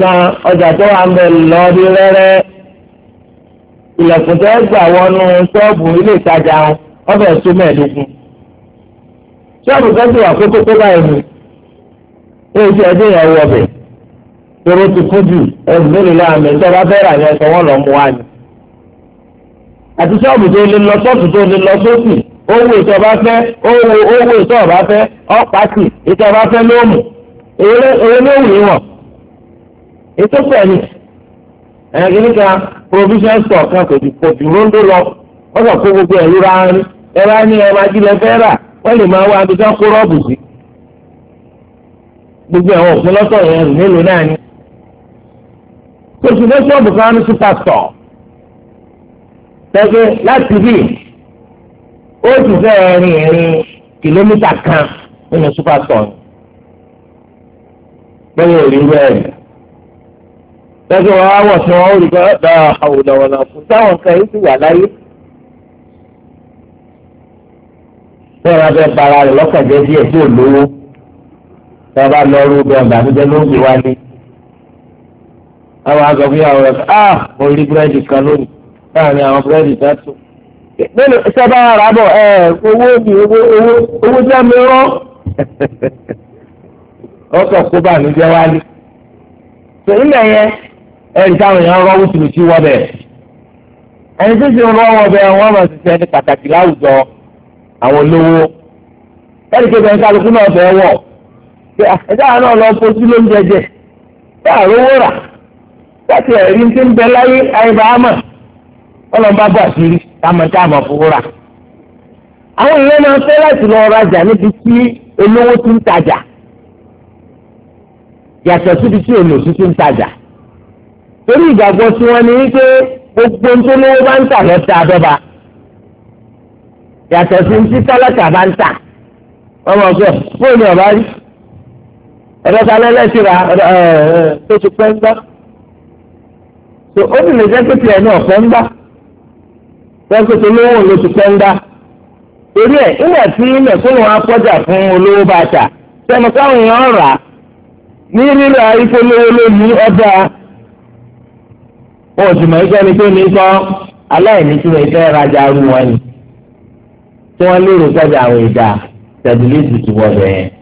kan ọjà tó wà ń bẹ gbà wọnú ilé ìtajà tó ó ṣe ẹdín yẹn wọ bẹ̀ tóró ti kú jù ẹ̀sùn mélòó láàmì ìjọba fẹ́ràn yẹn sọ wọ́n lọ mú wá ni. àti sọ́ọ̀bù tó lè lọ sọ́ọ̀tù tó lè lọ sósì owó ìtọ́ba fẹ́ owó owó ìtọ́ba fẹ́ ọ̀pátì ìtọ́ba fẹ́ lóòmù èyí lóòmù ìwọ̀n ètò pẹ̀lú ẹ̀yìn nígbà provision store kan kò kò ju rondo lọ wọ́n sọ pé gbogbo ẹ̀rú ra ń rí ẹ̀rá ni ẹ̀ máa jílẹ̀ fẹ́ rà wọ́n lè máa wá abidjan kó rọ́ọ̀bù sí gbogbo ẹ̀wọ̀n òfin lọ́tọ̀ yẹn rù mélòó náà ni. oṣù tó sọ̀bù kan ní súpàtọ̀ tẹ́gbẹ́ láti bì ó sì fẹ́ rin ìrìn kìlómítà kan nínú súpàtọ̀ ni. bẹ́ẹ̀ ò rí rẹ̀ tẹ́gbẹ́ wọn á wọ̀ sí wọn ó rí gbọ́dọ̀ da àwòdà wọn náà fún táwọn kan yìí sì wà láyé. bẹ́ẹ̀ a bẹ para rẹ̀ lọ́kàn jẹ́ díẹ̀ tí ò lówó. sọba bá lọ rú bẹ́ẹ̀ bàmídẹ́ ló ń gbé wálé. àwọn ah mo rí búrẹ́dì kan lónìí láàrin àwọn búrẹ́dì tó ọrụ mélòó ṣe ẹ owó mi owó owó owó mi rọ́. kó tó ilẹ̀ yẹn táwọn èèyàn rọ́ wọ́ bẹ́ẹ̀ ẹni tó ti rọ́ wọ́ bẹ́ẹ̀ wọ́n pé ah, ẹ̀dá náà lọ fojú ló ń jẹjẹ táà rówó rà láti ẹ̀rí ti ń bẹ láyé àìbáàmà ọlọ́mọba bọ̀ àṣírí táàmùtáàmù fowó rà. àwọn èèyàn máa fẹ́ láti lọ rajà níbi tí olówó ti ń tajà yàtọ̀ síbi tí olóòtú ti ń tajà torí ìgbàgbọ́ tí wọ́n ní wípé gbogbo tó lówó bá ń tà lọ sí adọ́ba yàtọ̀ sí ti tálákà bá ń tà wọ́n mọ̀ pé fóònù ọ̀bá rí ẹ̀dọ́ta lẹ́lẹ́sìn ra tó ti pẹ́ ń gbá tó ó sì lè jẹ́ pé tiẹ̀ náà pẹ́ ń gbá pẹ́ńpẹ́tẹ́ lówó ló ti pẹ́ ń gbá torí ẹ̀ nígbà tí mẹ̀kúnnù akọ́jà fún olówó bá ta sẹ́nu káwọn èèyàn rà ní rírà ìpolówó ló ní ọjà òtùmọ̀ ìkẹ́ni tó ní kọ́ aláìní tí wọ́n fẹ́ rajà rú wọn ni tí wọ́n lérò kọjá àwọn ìdá tẹ̀bílì tuntun wọ̀ bẹ́ẹ̀.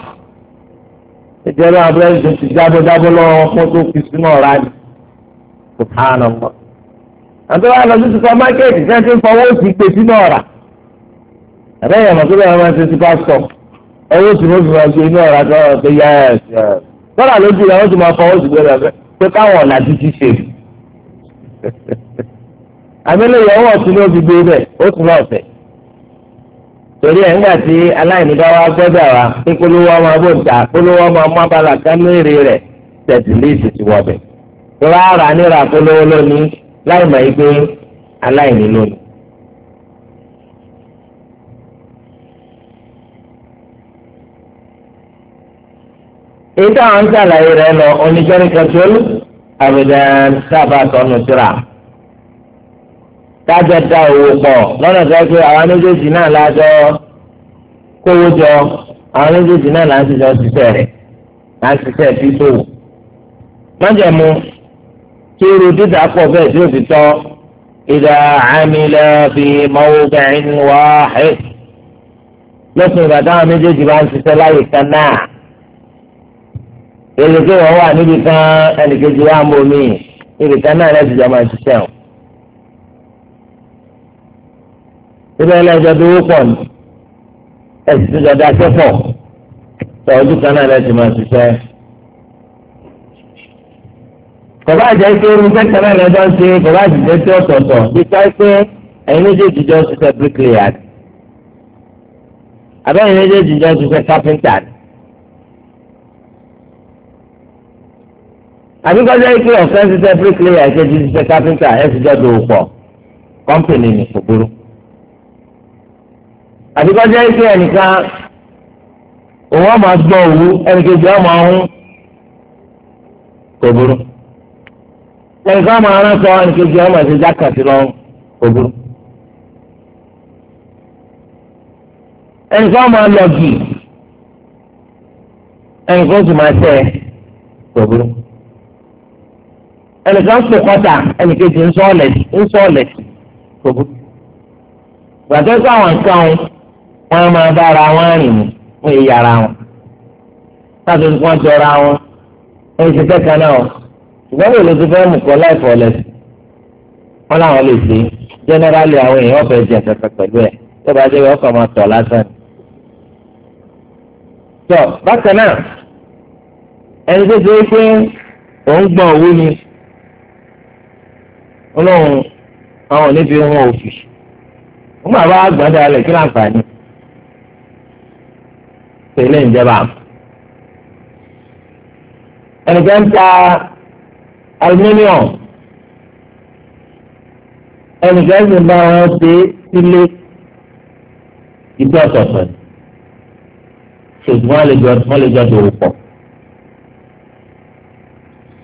nítorí àwọn abúlé ti jábọ́ jábọ́ lọ́wọ́ fún tó fi sínú ọ̀rá ni kò tán ọmọ. àti wọn lọ sí supamákẹ́ẹ̀tì tí wọ́n ti ń fọwọ́ sí gbé sínú ọ̀rá. àbẹ́ yẹn mọ̀ tó bẹ́ẹ̀ máa ń ṣe sípà sọ ọwọ́ sí lóṣù náà gbé inú ọ̀rá tó ọ̀rọ̀ pé yá ẹ̀ ṣe ẹ̀. tọ́lá lójú rẹ̀ wọ́n ti máa fọwọ́ sí gbé rẹ̀ pé káwọn ọ̀là ti ti ṣe. àmì torí ẹ̀ ńgbà tí aláìní bá wá gbọ́dọ̀ wa pé polówó ọmọ abóǹta polówó ọmọ ọmọ abala kámẹ́rì rẹ̀ tẹ̀sílẹ́sì ti wọ̀bẹ̀. rárá níra polówó lónìí láì mọ̀ yìí pé aláìní lónìí. èyí táwọn ń sàlàyé rẹ̀ lọ oníjọ́rí kẹtùlù àbẹ̀dẹ̀ sábà tọ́nu síra tájọ da owó pọ̀ lọ́nà tó yẹ pé àwọn méjèèjì náà lájọ kówó jọ àwọn méjèèjì náà là ń ṣiṣẹ́ ṣiṣẹ́ rẹ̀ là ń ṣiṣẹ́ fífò. májẹ̀mú tí irú dídà pọ̀ bẹ́ẹ̀ tí ó fi tọ́ ìdá àmìlẹ̀ fi mawdi'in wahid lọ́sùn ìgbà táwọn méjèèjì bá ń ṣiṣẹ́ láyè kan náà èlé pé wọ́n wà níbi kan ẹnìkejì wà mọ́ mi ìbìkan náà lẹ́sìn jọ máa ṣiṣẹ́ o. ibẹ̀ ẹlẹ́jọ́ dúró pọ̀ ní ẹ̀sìn tó jọ da sẹ́fọ̀ tọ́ ojú kan náà lẹ́sìn máa ṣiṣẹ́. kọ̀bá àjẹ́ pé irun kẹ́kẹ́ náà lẹ́jọ́ ń ṣe kọ̀bá àjẹ́ tí ọ̀tọ̀ọ̀tọ̀ bí ká pé ẹ̀yin méjèèjì jọ ṣiṣẹ́ bricklayer abẹ́yìn méjèèjì jọ ṣiṣẹ́ carpenter. àbíkọ́jọ́ ike ọ̀fẹ́ ṣiṣẹ́ bricklayer kejì ṣiṣẹ́ carpenter ẹ̀ ṣiṣẹ́ dòwò pọ̀ kọ́ńpìnì nì kò burú àtikọ́jọ́ ike ẹnìkan òun ọmọ agbọ́ òwú ẹnìkejì ọmọ ọ̀hún kò burú ẹnìkan ọmọ aránsọ ẹnìkejì ọmọ ẹ̀sìn jákàtì lọ́hún kò burú ẹnìkan ọmọ alọ́gì ẹnìkan oṣù máa tẹ̀ kò burú ẹnìkan ń pòkọ́tà ẹnìkejì ń sọ ọ̀lẹ̀ ń sọ ọ̀lẹ̀ kò burú gbàtẹ́ àwọn nǹkan ọ̀hún wọ́n máa bára wọn rìn ní wọ́n yé yàrá wọn láti wọ́n jọra wọn wọ́n ti kẹ́kọ̀ọ́ náà ṣùgbọ́n wọ́n lè ti fẹ́ mú kọ́ láìpọ̀ lẹ́sìn wọ́n làwọn lè ṣe jẹ́nẹ́rálì àwọn èèyàn ọ̀fẹ́ jẹ kẹ̀kẹ́ pẹ̀lú ẹ̀ tó bá jẹ́ wọ́n kọ́ máa tọ̀ lásán. tọ bákan náà ẹni tó ṣe é pé òun gbọ́n òwú ni olóhùn àwọn ò ní fi hún òfì wọ́n máa bá àgbàdo alẹ̀ kí láǹfààní tẹ̀lé ìjọba ẹnìkan ń ta aluminium ẹnìkan sì bá wọn ṣe sílé ìgbẹ́ ọ̀tọ̀ọ̀tọ̀ ṣùgbọ́n wọ́n lè jọ dòwò pọ̀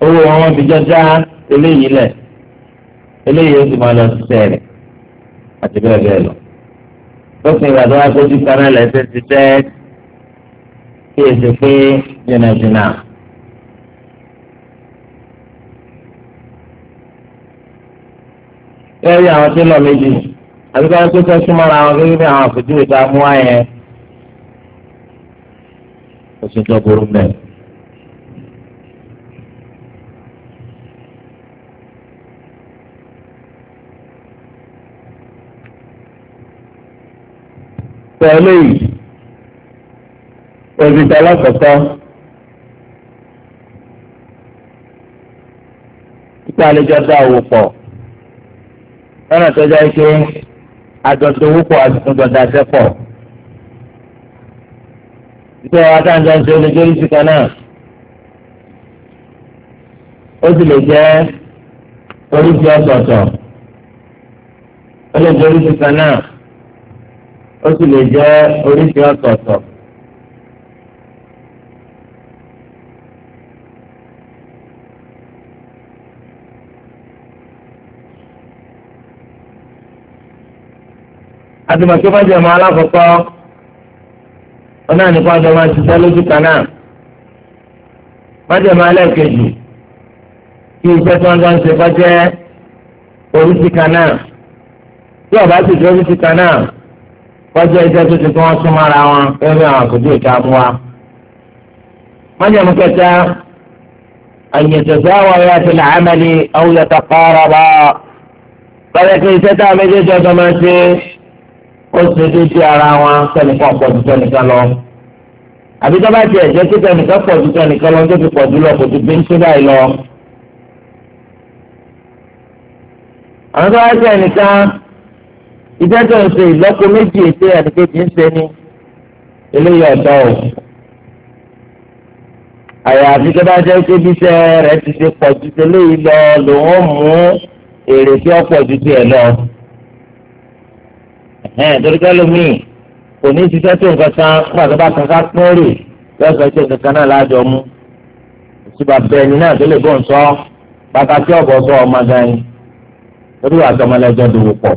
owó wọn wọn fi jọ dá eléyìí lẹ̀ eléyìí ó sì máa lọ ṣiṣẹ́ rẹ̀ àti bẹ́ẹ̀ bẹ́ẹ̀ lọ lópin ìgbà tó wá kó ti kan náà lẹ́sẹ̀ ti tẹ́ẹ́ kí èsì pé jìnnàjìnnà. gẹ́gẹ́ bí àwọn tí ń lọ méjì àbí káwọn tó tẹ́sí mọ́ra àwọn gẹ́gẹ́ bí àwọn àpèjúwe tá a mú wá yẹn kò sí tó burú mẹ́rin. pẹ̀lú yìí òbí tọ́lá kọ̀tọ́ ipa àlejò dá owó pọ̀ lọ́nà tó jẹ́ pé àjọṣowó pọ̀ àtúntọ̀dá sẹ́pọ̀ ìtọ́ adájọ́ ń ṣe olójórí sí kan náà ó sì lè jẹ́ oríṣi ọ̀tọ̀ọ̀tọ̀ olójórí sí kan náà ó sì lè jẹ́ oríṣi ọ̀tọ̀ọ̀tọ̀. àtìmọ̀ tó bá jẹ̀mọ́ alákọ̀ọ́kọ́ ọ̀nà nípa ọ̀dọ̀ máa ṣiṣẹ́ lójú kan náà májẹ̀mọ́ alẹ́kẹ̀jì kí iṣẹ́ tó ń gbọ́n ṣe kọjẹ́ oríṣi kan náà tí ọ̀bá sì jẹ́ oríṣi kan náà kọjá iṣẹ́ tó ti kí wọ́n súnmọ́ ara wọn lórí àwọn àkójú ìta mú wa. májẹ̀mọ́ kẹta àyẹ̀tẹ̀sẹ̀ àwọn àti làámẹ́lì ọ̀hún kọ́ ọ̀rọ̀ bá ọ̀rẹ́ ó ṣe déédéé ara wọn sẹ́nìkan pọ̀ ju sẹ́nìkan lọ. àbí tó bá ti ẹ̀jẹ̀ tí sẹ́nìkan pọ̀ ju sẹ́nìkan lọ tó fi pọ̀ jù lọ kò ti gbé ń tó báyìí lọ. àwọn tó bá ti ẹnìkan ìjẹ́ tó ń ṣe ìlọ́po méjì ètè ẹnìkejì ń ṣe ni eléyìí ọ̀tọ̀ o. àyàfi tó bá jẹ́ pé bíṣẹ́ rẹ̀ ti ṣe pọ̀ ju tẹ́lẹ̀ yìí lọ lòun ó mú èrè tí ó pọ̀ ju tiẹ̀ lọ ẹ̀ torí ká lómi kò ní ṣiṣẹ́ tó nǹkan kan pàtó bá kankan pín rè lọ́sọ̀ tó nǹkan kan náà lájọ mú òṣùpá bẹ́ẹ̀ ni náà tó lè bọ̀ ń sọ bàtà tí ọ̀bọ̀ sọ ọmọ gan yín torí wàá sọmọlẹ́jọ́ dòwò pọ̀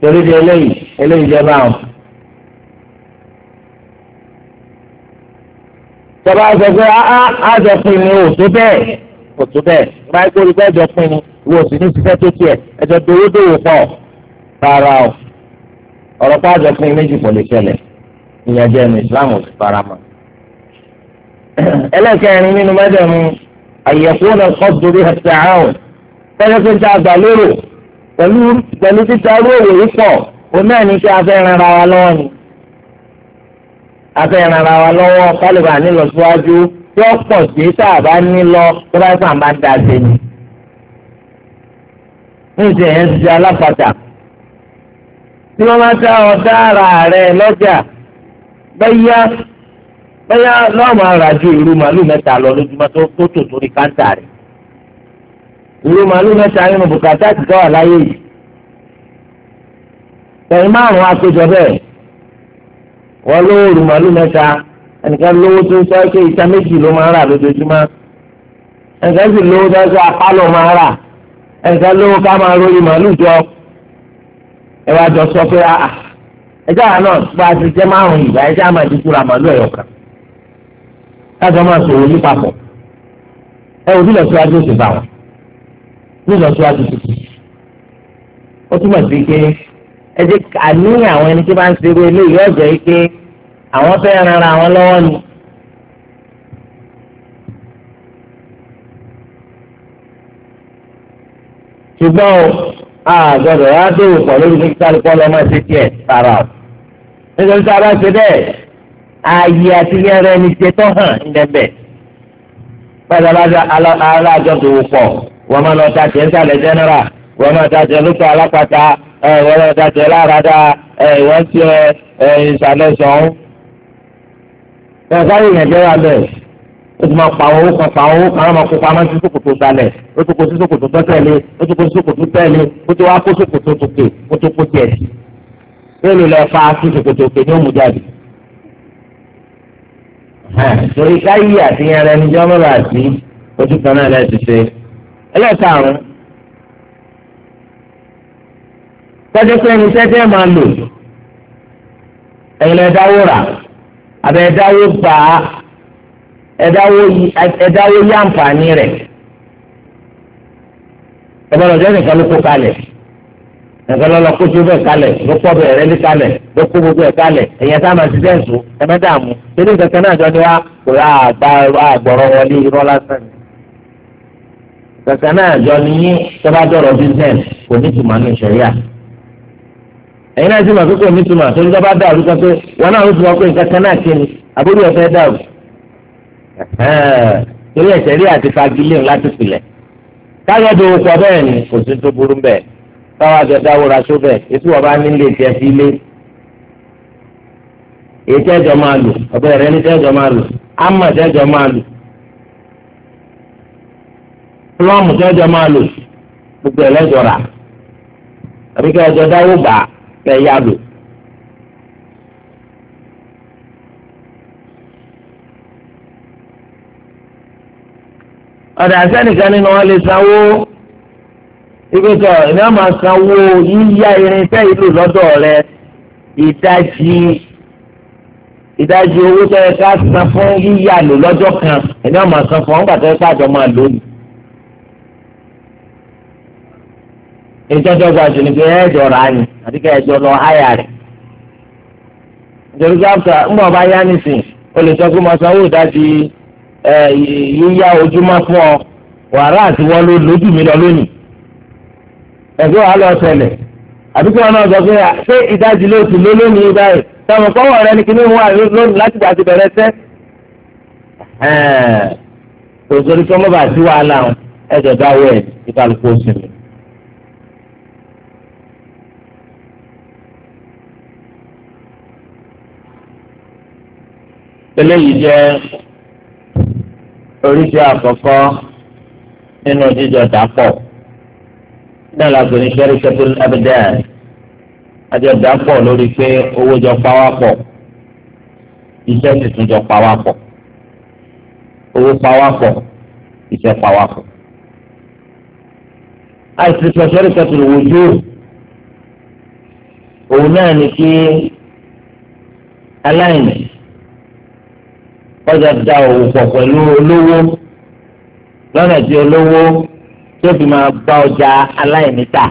torí di eléyìí eléyìí jẹ́ báwọn. tọ́ba sọ pé a jọ pin ni òtún bẹ́ẹ̀ òtún bẹ́ẹ̀ báyìí kó olùkọ́ jọ pin ni ìwọ sì ní ṣiṣẹ́ tó tiẹ̀ ẹ̀jọ̀ dòwó dòwó pọ̀ rárá o ọ̀rọ̀ pàjọ fún méjì kò lè ṣẹlẹ̀ ìyànjẹ́ ẹnu Islam ò sì fara mọ́. ẹlẹ́kẹ̀rin nínú mẹ́tẹ̀ẹ̀mú àyẹ̀kú náà kọ́ dorí ẹsẹ̀ àrùn tẹ́lẹ̀ tó ń ta àgbà lérò pẹ̀lú pẹ̀lú títa owó òwòrí pọ̀ òun náà ní kí a ara wa lọ́wọ́ ni a ara wa lọ́wọ́ kálíbà nílọsíwájú tí ó pọ̀ sí sáà bá ní tó bá sàn bá ń ni ní ìṣe yẹn ṣe alápatà tí wọ́n máa ta ọ̀dá ara rẹ̀ lọ́jà bẹ́yà bẹ́yà lọ́wọ́ máa rà ju ìrù màálù mẹ́ta lọ lójúmọ́ tó tó tò torí káńtà rẹ̀ ìrù màálù mẹ́ta nínú bùkátà ti tọ́ wà láyé yìí tẹ̀yìn márùn-ún àpéjọ bẹ́ẹ̀ wọ́n lówó ìrù màálù mẹ́ta ẹnìkan lówó tó sọ pé ìta méjì ló máa ń rà lójoojúmọ́ ẹnìkan sì lówó tó sọ apá ló máa rà ẹnìkan lówó ká máa ròyìn màálù jọ ẹ wá jọ sọ pé àà ah, ah, ẹjọ́ àná bá a ti jẹ́ márùn-ún ìgbà ẹjọ́ àmà ìdíkù ra màálù ẹ̀yọ̀ kan kájọ máa sòwò ní papọ̀ ẹ wò nílò síwájú oṣù bá wọn nílò tuntun ó túmọ̀ sí pé ẹ jẹ́ àníyàn àwọn ẹni tí bá ń ṣerú eléyìí ọ̀jọ̀ yìí pé àwọn fẹ́ ran ara wọn lọ́wọ́ ni. ṣùgbọ́n o àgọ́dọ̀ wá dòwò pọ̀ lórí ní kálukọ́ lọ́mọ ṣe tiẹ̀ tààrà o nítorí tá a bá ṣe bẹ́ẹ̀ ààyè àti yẹrẹ ẹni ṣe tó hàn níbẹ̀ pẹ̀lú alájọ dòwò pọ̀ wọ́n máa lọ ta tiẹ̀ ń sàlẹ̀ jẹ́nẹ́rà wọ́n máa ta tiẹ̀ lóko alápàtà wọ́n máa ta tiẹ̀ lárada wọ́n tiẹ̀ ìsàlẹ̀ sọ̀hún. ẹ̀ka ìyẹn jẹ́ wa bẹ́ẹ̀ ó ti máa pa owó kan pa owó kan máa kó pamọ́ sí ṣòkòtò balẹ̀ ó ti kó sí ṣòkòtò tó tẹ̀lé ó ti kó sí ṣòkòtò tẹ̀lé ó ti wá kó ṣòkòtò tòkè ó ti kó tiẹ̀ sí. bẹ́ẹ̀ lọ fa sí ṣòkòtò òkè ní òmù jáde. torí káyé àti yẹn rẹ àti ojú kan náà lẹ́sìn ṣe. ẹlẹ́karùn-ún tọ́jú pé ẹni tẹ́tẹ́ máa lò ẹ̀yin lẹ́dáwó rà àbẹ̀ẹ́dáwó bá a ẹ̀dáwó yá àǹfààní rẹ̀ ẹ̀bọ̀n ọ̀jọ́ nìkan ló kó kalẹ̀ nìkan lọ́lọ́ kó tó bẹ̀ kalẹ̀ ló pọ̀ bẹ̀ rẹ́lí kalẹ̀ ló kó gbogbo ẹ̀ kalẹ̀ ẹ̀yẹ tá a máa ti dẹ́sù ẹ má dààmú torí kankan náà jọ ni wá kò àgbọ̀rọ̀ wọlé irọ́ lásán ni kankan náà jọ ni yín tó bá dọ̀rọ̀ business kò ní tùmọ̀ ní ìṣẹ̀yà ẹ̀yin náà ti mọ̀ pé kò ní tùmọ̀ torí tó bá dàrú kan pé wọn náà ó ti wọ́n pé kankan náà kí ni àbúrò torí ẹ̀sẹ̀ rí àti fagilé láti filẹ̀ káyọ̀ tó kọ bẹ́ẹ̀ ni kò sí tó burú bẹ́ẹ̀ káwọn àjọ dáwọ́ra só bẹ́ẹ̀ ètò ọba nílé tiẹ̀ sí ilé èyí tẹ́jọ́ máa lò ọbẹ̀ rẹ ní tẹ́jọ́ máa lò ámà tẹ́jọ́ máa lò plọ́mù ọ̀dà sẹ́nìkan nínú wọn lè sanwó ìgbésọ̀ ìná máa sanwó yíyá irinṣẹ́ ìlú lọ́dọ̀ rẹ ìdajì ìdajì owó tó yẹ ká san fún yíyá lò lọ́jọ́ kan ìná máa san fún ọgbà tó yẹ ká jọ máa lò ní. ìjọjọ gbàjù ni pé ẹ̀ẹ́dọ̀ rà á ní àti kẹ́ ẹ̀jọ lọ háyà rẹ̀. nítorí gáàsà ńgbọ̀n bá yá nísìn olùsọ́gbọ́n máa sanwó ìdajì yíyá ojúmọ́ fún ọ wàrà àti wọn ló lójú mi lọ lónìí ẹgbẹ́ wa lọ ṣẹlẹ̀ àdúgbò wọn náà sọ pé ṣé ìdajì ló ti lé lónìí báyìí táwọn kọ́wọ́ rẹ ni kí ni lónìí láti gbà ti bẹ̀rẹ̀ ala òṣèré kí bá sí wàhálà oríṣi àkọ́kọ́ nínú jíjọ dàpọ̀ náà làgbé ní sẹ́ríkẹ́tù abidjan àjọ dàpọ̀ lórí pé owó jọ pawápọ̀ iṣẹ́ sì tún jọ pawápọ̀ owó pawápọ̀ iṣẹ́ pawápọ̀. àìsísọ sẹ́ríkẹ́tù lòwòjú òun náà ni kí aláìní ọjà da òwò pọ̀ pẹ̀lú olówó lọ́nà tí olówó tó fi máa bá ọjà aláìníta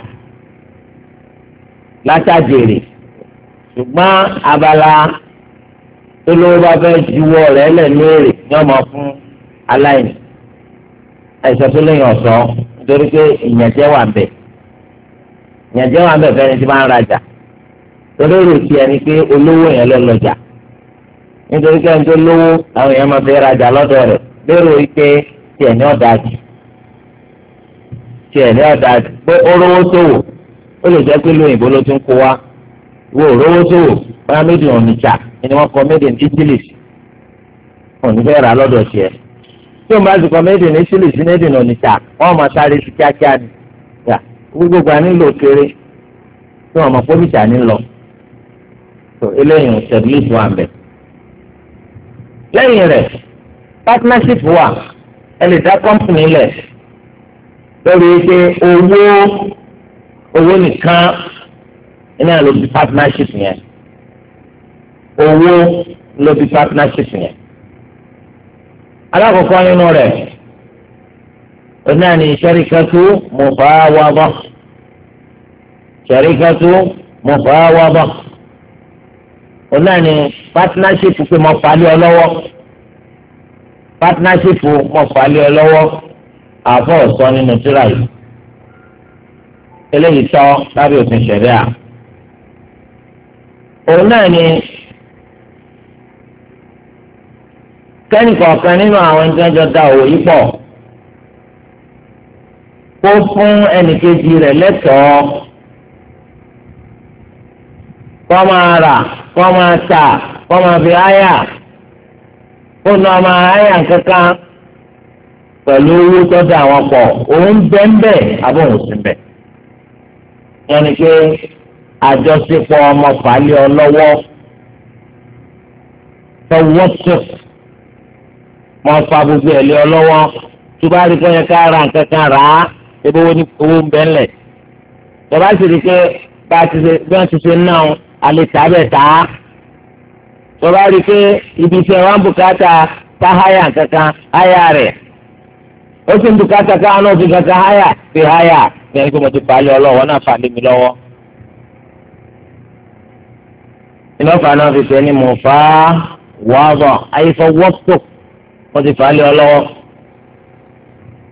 látàjèrè ṣùgbọ́n abala tó lówó bá fẹ́ juwọ́ rẹ̀ lẹ́nu èrè ni wọ́n máa fún aláìní àìsàn tó lẹ́yìn ọ̀sán nítorí pé ìyànjẹ wà bẹ̀ ìyànjẹ wà bẹ̀ fẹ́ni tí máa ń rajà torí èrè tiẹ̀ ni pé olówó yẹn lọ́jà. nítorí kí ẹni lówó àwọn èèyàn máa fẹ́ rajà lọ́dọ̀ rẹ̀ lérò wípé tiẹ̀ ní ọ̀dà jù tiẹ̀ ní ọ̀dà jù pé ó rówó sòwò ó lè jẹ́ pé lóyìnbó ló tún kó wa wo rówó sòwò bá méjì ònìjà ni wọ́n kọ méjì ní Italy òní rà tí o bá ti kọ méjì ní Italy sí méjì ní ònìjà máa ni gbogbo lẹ́yìn rẹ̀ partnership wà ẹ lè dá company lẹ̀ lórí pé owó owó nìkan iná ló fi partnership yẹn owó ló fi partnership yẹn alákọ̀ọ́kọ́ nínú rẹ̀ onáà ní sẹ́ríkàtú mọ̀fáwábọ̀ sẹ́ríkàtú mọ̀fáwábọ̀ òun náà ni partnership pé mo falẹ̀ ọ lọ́wọ́ partnership mo falẹ̀ ọ lọ́wọ́ àfọ̀ ọ̀sán nínú tíra yìí eléyìí tọ́ lábẹ́ òfin ṣẹ̀ríà òun náà ni kẹ́nìkọ̀ọ̀kan nínú àwọn ẹni tí wọ́n jọ da òwò yìí pọ̀ kó fún ẹnìkejì rẹ̀ lẹ́tọ̀ọ́ wọ́n máa rà wọ́n máa tà wọ́n máa fi háyà ó nu ọmọ háyà kankan pẹ̀lú owó tọ́jú àwọn pọ̀ òun bẹ́ńbẹ́ abóhùn sí bẹ́ẹ̀. wọ́n ní pé àjọṣepọ̀ ọmọ fàálẹ̀ ọlọ́wọ́ tọwọ́tò mọ fa gbogbo ẹ̀ lé ọlọ́wọ́ tó bá rí kọ́yẹ ká ra nǹkan kan rà á ebi owó ń bẹ́ńlẹ̀ tọ́ba sì rí pé bá a ti ṣe náà alẹ́ tà bẹ́ẹ̀ tà á tó bá rí i pé ibi tí wọn bùkátà tá háyà kankan háyà rẹ̀ ó sì ń bùkátà káwọn náà fi kankan háyà fi háyà ní ẹni pé mo ti fà á lé ọlọ́wọ́ náà fà á lé mi lọ́wọ́ ìlọ́fà náà fi pè é mo fà á àyífọwọ́pọ̀ mo ti fà ọlọ́wọ́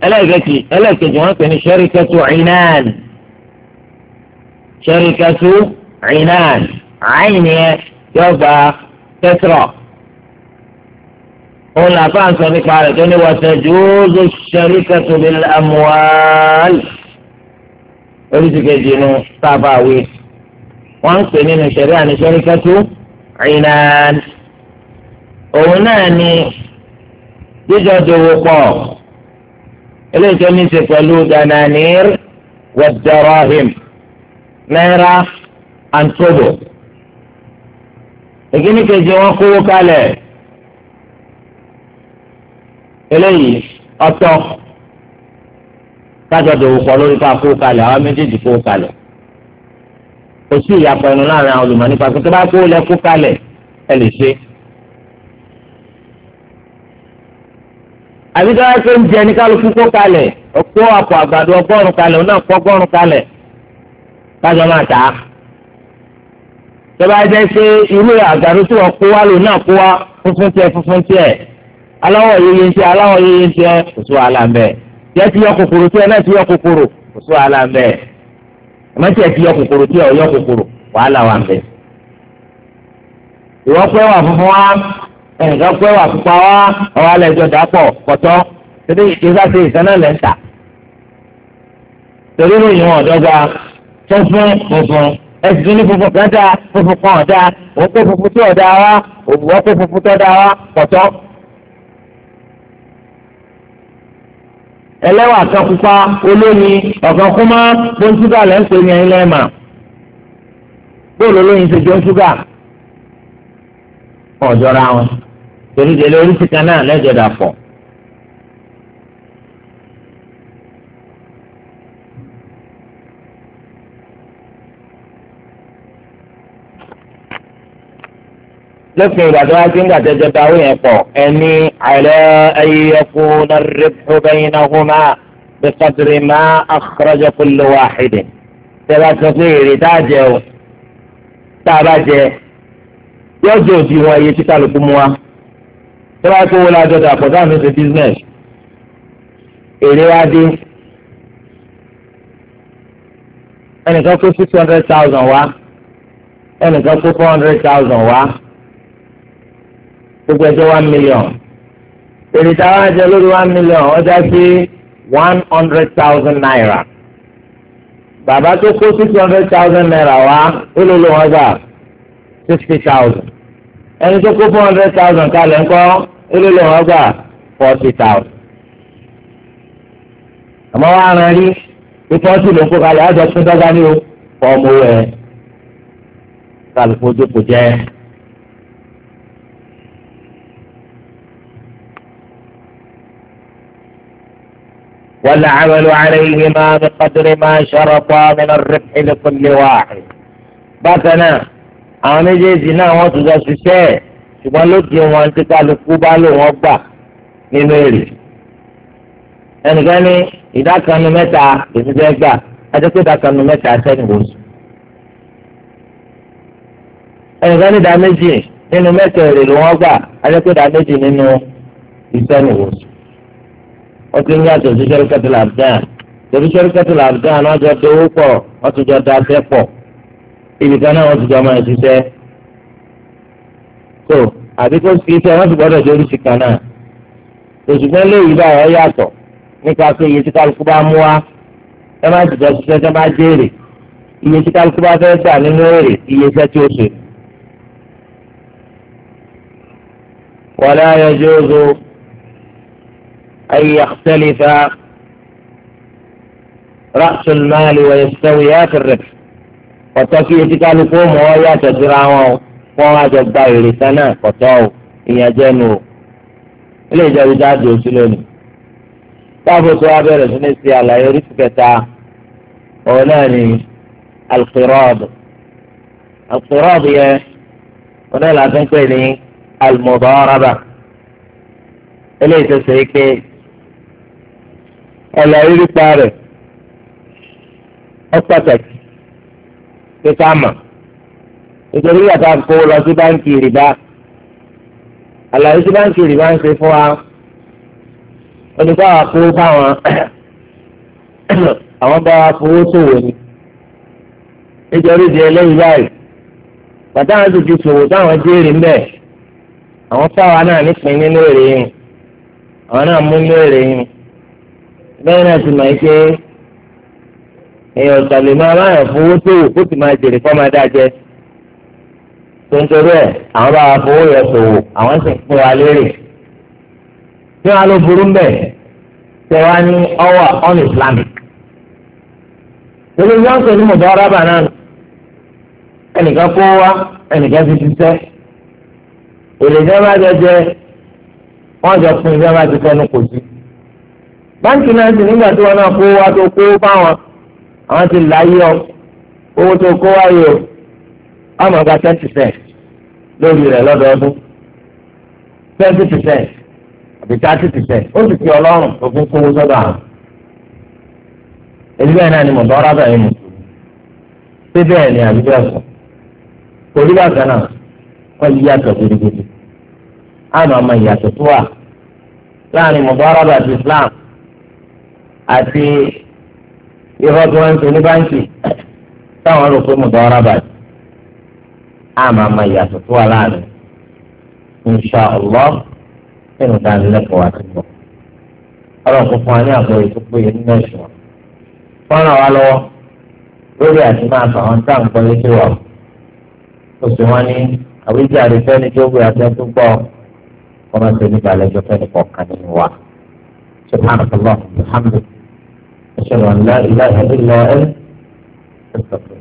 ẹlẹ́ẹ̀kejì ẹlẹ́ẹ̀kejì wọ́n pè ní sẹ́ríkẹ́tù ìnáàn sẹ́ríkẹ́tù ìnáàn. عيني يوضح تسرى قلنا فان صديق على الدنيا وتجوز الشركة بالأموال وليس كيدينو صافاوي وان سنين الشريعة شركة عينان وناني جدد وقوف إليس من سفلو دنانير والدراهم نيرا أن تبو ìkíní kejì wọn kówó kalẹ̀ eléyìí ọ̀tọ̀ kájọ dòwò pọ̀ lórí ká kówó kalẹ̀ àwọn méjèèjì kówó kalẹ̀ kò sí ìyàpọ̀ ẹnu láàrin àwọn olùmọ̀ nípa pé tó bá kówó lẹ kó kalẹ̀ ẹ lè ṣe. àbí tó bá ṣe ń jẹ ní kálukú kó kalẹ̀ ọ̀pọ̀ àpò àgbàdo ọgọ́rùn-ún kalẹ̀ ọ̀nà ọ̀pọ̀ ọgọ́rùn-ún kalẹ̀ kájọ máa tà á tọ́ba jẹ́ pé irú àgbàdo tí wọ́n kó wá lò náà kó wá funfun tiẹ̀ funfun tiẹ̀ aláwọ̀ yeye ń tiẹ̀ aláwọ̀ yeye ń tiẹ̀ kò sí wàhálà ń bẹ̀ tiẹ̀ ti yọ kòkòrò tiẹ̀ náà ti yọ kòkòrò kò sí wàhálà ń bẹ̀ àmọ́ tiẹ̀ ti yọ kòkòrò tiẹ̀ ò yọ kòkòrò wàhálà wà ń bẹ̀. ìwọ pẹ́ wà funfun wa ẹnìkan pẹ́ wà pupa wa ọwọ́ alẹ́ ẹsì tún ní funfun kan dáa funfun kan ọ̀dà wọ́n pé funfun tí ọ̀dà wa òwúwọ́ pé funfun tó dáa wa pọ̀tọ́. ẹlẹ́wà kan pupa olóyin ọ̀kan kúmá bóun ṣúgà lẹ́ ń lẹ́ẹ̀mà bóòlù olóyin ṣe jọ ṣúgà ọ̀jọ̀ra wọn torí délé oríṣi kan náà lẹ́jọ̀ pọ̀. lófin ìgbà tó wá sí ńgbà tẹjọ bá owó yẹn pọ̀ ẹni àìlẹ ayẹyẹkú nàrẹpọ bẹyìn náà hó máa bí kọtìrì máa àkọrọjọ kúlò wá àhìdì tẹ́lá sọ pé èrè tá a jẹ o tá a bá jẹ yóò jẹ òbí wọn iye tí kálukú mu wa tẹ́lá kó wọlé àjọta àpọ̀tá mi ṣe business èrè wa dé ẹnìkan kó six hundred thousand wá ẹnìkan kó four hundred thousand wá gbogbo ẹjọ́ one million èrè táwọn ẹjọ́ lórí one million ọjà sí one hundred thousand naira bàbá tó kó six hundred thousand naira wá ó ló lò wọ́n gbà sixty thousand ẹni tó kó four hundred thousand kalẹ̀ ńkọ́ ó ló lò gbà forty thousand àmọ́ wàá rán rí ìfọ́sí ló ń kó kalẹ̀ àjọ fún dọ́gba ní o fọ́ ọmọ kálukú ojú jẹ́ والعمل عليهما بقدر ما شرطا من الربح لكل واحد بكنا àwọn méjèèjì náà wọ́n tún jọ ṣiṣẹ́ ẹ̀ ṣùgbọ́n lókè wọn tí kálukú bá lò wọ́n gbà nínú èrè. ẹnìkan ní ìdákanu mẹ́ta ìṣiṣẹ́ gbà ajẹ́pẹ́ ìdákanu mẹ́ta sẹ́nìwòsù. ẹnìkan ní ìdá méjì nínú mẹ́ta èrè ló wọ́n gbà ajẹ́pẹ́ ìdá méjì nínú ìsẹ́nìwòsù wọ́n ti ń yàtọ̀ sí sẹ́ríkẹ́tìlì abdan torí sẹ́ríkẹ́tìlì abdan wọ́n jọ dowó pọ̀ wọ́n ti jọ da abẹ́ pọ̀ ibi kan náà wọ́n ti jọ máa ṣiṣẹ́ tó àbí kó sì tẹ wọ́n sì gbọ́dọ̀ dé oríṣi kan náà òṣùgbọ́n léyìí báyọ̀ yàtọ̀ nípa pé iye tí kálukú bá mú wa ẹ má jìjọ ṣiṣẹ́ tẹ́ bá jèrè iye tí kálukú bá fẹ́ gbà nínú èrè iye iṣẹ́ tí ó ṣe. wàlẹ́ ayọ̀jọ́ أن يختلف رأس المال ويستويا في الربح ọ̀tọ́kì etí kálukú mọ́ ọ́ yàtọ̀ síra wọn o wọ́n wá jọ gba ìrètá náà kọ̀tọ́ o ìyẹn jẹ́nu o ilé ìjọba jáde oṣù lónìí. táàbù tó wá bẹ̀rẹ̀ sí ní ṣe àlàyé oríṣi kẹta òun náà ni alqirad alqirad yẹn òun náà la fi ń pè ní almudaraba ilé ìtòsí pé àlàyé nípa rẹ̀ ọ pàtàkì pé ká mà nítorí yàtọ̀ àkókò lọ sí báńkì rìbá àlàyé sí báńkì rìbá ń ṣe fún wa oníkọ́ àkó báwọn àwọn bá wa fowó ṣòwò ni nítorí di eléyìí báyìí bàtà àwọn sì ti ṣòwò táwọn jèrè mbẹ àwọn fáwa náà nípìn nínú èrè yìí àwọn náà mú nínú èrè yìí. bẹ́ẹ̀ náà ti mọ̀ ẹ́ pé èèyàn ọ̀sàlè máa báyọ̀ fowó tó wò kó sì máa jèrè kọ́ máa dá jẹ. tontorí ẹ̀ àwọn bá wa fowó yẹ sòwò àwọn sì ń fún wa lérè. tí wọ́n á lọ burú mbẹ̀ tẹ wá ní ọwọ́ on islamic. torí wọ́n sọ ní mọ̀dọ́rábà náà ẹnìkan kó wá ẹnìkan fi ṣiṣẹ́. èlé jẹ́ bá jẹ jẹ wọ́n jọ fún ìjọba ti kò sí. báńkì náà sì nígbà tí wọn náà kó wá tó kó fáwọn àwọn ti láyé ọ owó tó kó wáyé o àmọ́ gba ten percent lórí rẹ̀ lọ́dọọdún twenty percent àbí thirty percent ó sì fi ọlọ́run òfin kówó sọ́dọ̀ àwọn. èyí náà ni yìí ni àbí sọ náà yí gidigidi àti irọ́ tí wọ́n ń sọ ní báńkì táwọn rò pé mudaraba àmà máa yàtọ̀ tó wà láàrin insha Allah nínú ìdánilẹ́kọ̀ọ́ àti bọ̀ ọlọ́run kò fún wa ní àgbọ̀ ètò péye nínú ẹ̀sùn wa wọ́n ràn wá lọ́wọ́ lórí àti máa fà wọn tá à ń gbọ́ létí wa o sì wọ́n ní àwíjàre fẹ́ni tó gbé àti ẹni tó ọmọ tó ní balẹ̀ jọ fẹ́ni
kọ̀ọ̀kan nínú wa subhanahu wa ta'ala أشهد أن لا إله إلا أنت أستغفرك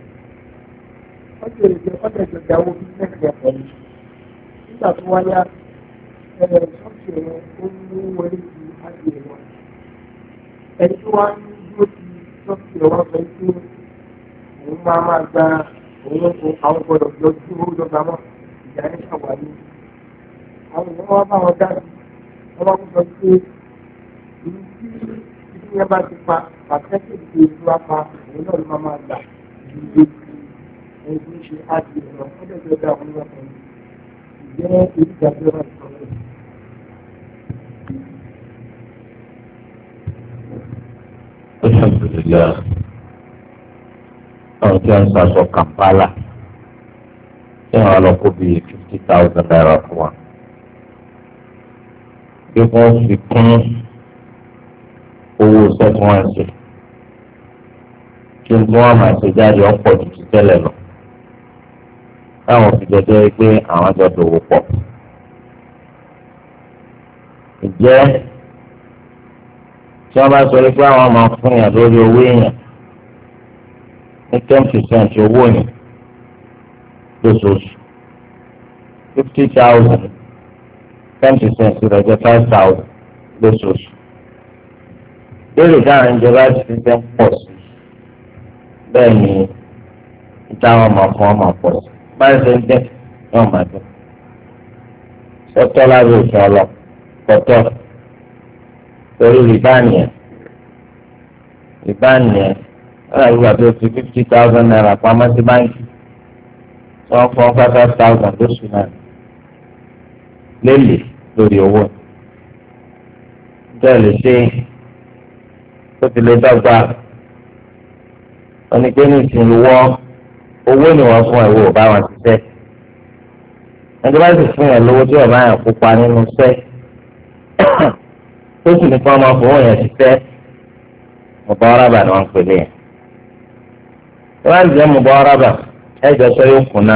ọjọ́ ìjọ ọjọ́ ìjọ ìyàwó bí mẹ́rin ẹ̀kọ́ ni nígbà tó wáyá ẹ̀rẹ̀ ṣọ́ọ̀ṣì rẹ̀ ó mú wọlé ju adìẹ wa ẹni tó wá ń dúró ti ṣọ́ọ̀ṣì rẹ̀ wá sọ pé òun máa máa gba òun àwọn gbọdọ̀ jọ tí ó lọ́gbà mọ́ ìjà ní ṣàwárí àwọn èèyàn wá bá wọn dájú wọn wá sọ pé ìlú tí ìdílé bá ti pa pàṣẹ kéde ìlú wa pa òun náà ló máa máa gbà ìdílé ọkùnrin tí ń ṣe áàtì ẹ̀rọ ọdẹ tó dá àwọn ọkùnrin ìjẹ́ onídàájọ́ náà sọ pé. alhamdulilayi àwọn tí wọn ń sàṣọ
Kampala tí wọn lọ kó bíi fifty thousand naira fún wa bí wọn fi kún owó sẹ́tún wọn kí n tí wọn máa ọ̀pọ̀ tuntun tẹ́lẹ̀ lọ táwọn fi jọjọ pé àwọn jọ dòwò pọ̀ ìjẹ́ tí wọ́n bá sọ pé àwọn máa fún yàn lórí owó èèyàn ní ten percent owó yẹn lóṣooṣù fifty thousand ten percent rẹ̀ jẹ́ five thousand lóṣooṣù lórí ìdáhùn ìjọba ti fi fẹ́ pọ̀ sí bẹ́ẹ̀ ni ìdáhùn ọmọ fún ọmọ pọ̀ sí máa ń ṣe ń dẹ yóò máa dẹ sọtọ lábẹ́ òfin ọlọ pọtọ torí rìbá nìyẹn rìbá nìyẹn wọn àyè wà tó fi fifty thousand naira pamọ́ sí báńkì tí wọ́n fọ́n five thousand lóṣù náà lélẹ̀ lórí owó bẹ́ẹ̀ lè ṣe ó ti lè dọ́gba onígbẹ́ni ìsìn lówó owó ni wọ́n fún ìwọ ọba wọn ṣiṣẹ́ ẹni tó bá sì fún yàn lówó tí ọba yàn kópa nínú iṣẹ́ tó sì ní kí wọ́n máa fowó yàn ṣiṣẹ́ mọ̀bọ́ rábà ni wọ́n ń pèlè yẹn tó bá jẹ́ mọ̀bọ́ rábà ẹ̀jọ̀ sọ yóò kùnà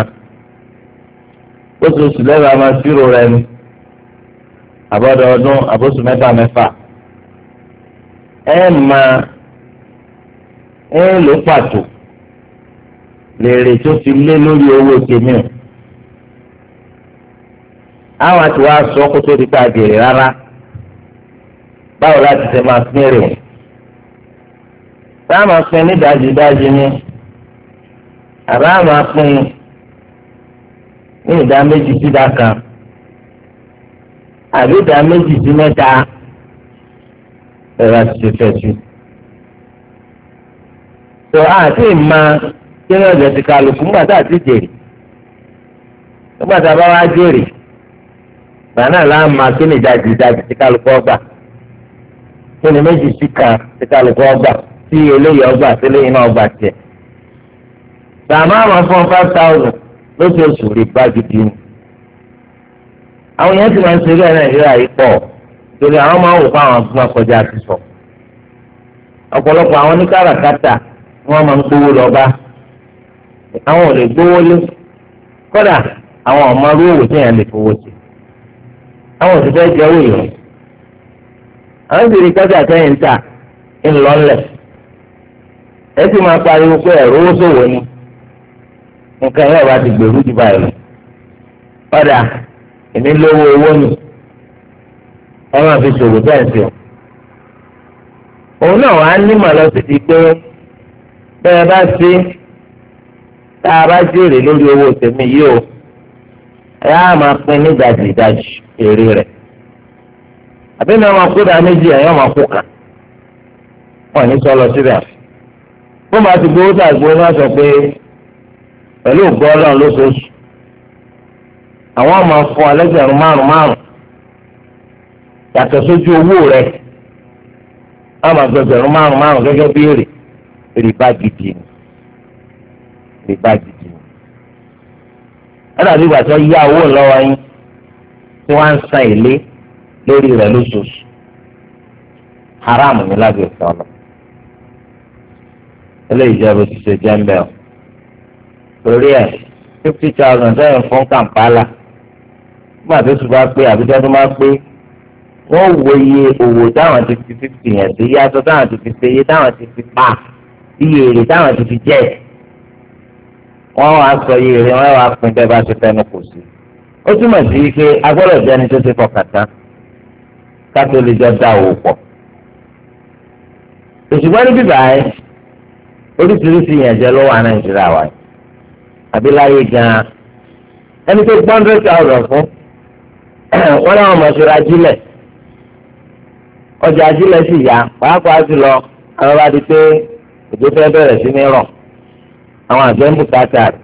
oṣooṣù lẹ́gbàá máa ṣírò rẹ ni àbọ̀dọ̀ ọdún àbọ̀sù mẹ́fà mẹ́fà ẹ̀ máa ẹ̀ ló pàtó lèrè tó fi lé lórí owó tèmi o àwọn àti wàá sọ kó tó di pa àgbèrè rárá báwo láti ṣe máa pín èrè bá máa pín ní dájúdájú ni àbá máa pín ní ìdá méjì sí ìdá kan àbí ìdá méjì sí mẹ́ta ẹ̀rọ àti ṣe fẹ́ sí. tó àti ìmọ̀. kí ni ọ̀jẹ̀ ti kálukú ńgbà tá a ti jèrè ńgbà tá a bá wá jèrè gbaná la máa kí ni ìdajì ìdajì tí kálukú ọgbà kí ni méjì sí kan ọgbà tí eléyìí ọgbà tí eléyìí náà ọgbà fún five thousand lóṣooṣù rí ni. àwọn yẹn ti máa ń ṣe nàìjíríà yìí pọ̀ torí àwọn máa ń wò fún àwọn sọ. ọ̀pọ̀lọpọ̀ àwọn àwọn ò lè gbówó lé kódà àwọn ọmọ arú òwò tí yẹn lè fowó sí àwọn òṣìṣẹ́ owó àwọn ẹ sì máa pariwo pé owó ni nǹkan yẹn ti gbèrú báyìí kódà èmi lówó owó nù máa fi o òun náà wàá nímọ̀ lọ sí ti pé bẹ́ẹ̀ bá tá a bá jèrè lórí owó tèmi yìí o ẹ á máa pín ní dàjìdàjì èrè rẹ̀ àbí ní ọmọ kó méjì ẹ̀yọ́ máa kó kàn wọ́n ní sọ síbẹ̀ fún ti gbowó tà gbowó náà sọ pé pẹ̀lú ògbọ́ ọlọ́run lóṣooṣù àwọn ọmọ fún alẹ́gbẹ̀rún márùn márùn yàtọ̀ sójú owó rẹ̀ wọ́n máa gbẹgbẹ̀rún márùn márùn gẹ́gẹ́ bí èrè èrè rí báàgì jù ẹ dàbí ìgbà tó yá owó lọ́wọ́ yín tí wọ́n ń san èlé lórí rẹ̀ lóṣooṣù haram ní lábẹ́ òfin ọ̀nà eléyìí jẹ́ bó ti ṣe jẹ́ torí ẹ̀ fifty thousand sẹ́yìn fún Kampala nígbà tó tún bá pé àbíjá tó máa pé wọ́n wo iye òwò táwọn ti fi fifty yẹn sí yàtọ̀ táwọn ti fi ṣe iye táwọn ti fi pa iye èrè táwọn ti fi jẹ́ ẹ̀ wọ́n wàá sọ yìí rẹ̀ wọ́n wàá pín bẹ́ẹ̀ bá ṣe fẹ́nu kò sí. ó túmọ̀ sí wípé agbọ́dọ̀ jẹ́ ẹni tó ti fọkàn tán kátó lè jọ dá òwò pọ̀. òṣùgbọ́n níbí báyìí oríṣiríṣi ìyànjẹ ló wà nàìjíríà wa àbí láyé gan-an ẹni tó gbọ́n hundred thousand fún wọn làwọn mọ̀ṣúra ajílẹ̀ ọjà ajílẹ̀ sì yá pàápàá jùlọ àwọn bá di pé òjò fẹ́ bẹ̀rẹ̀ sí ní rọ̀ àwọn àjọ ń bùkátà rẹ̀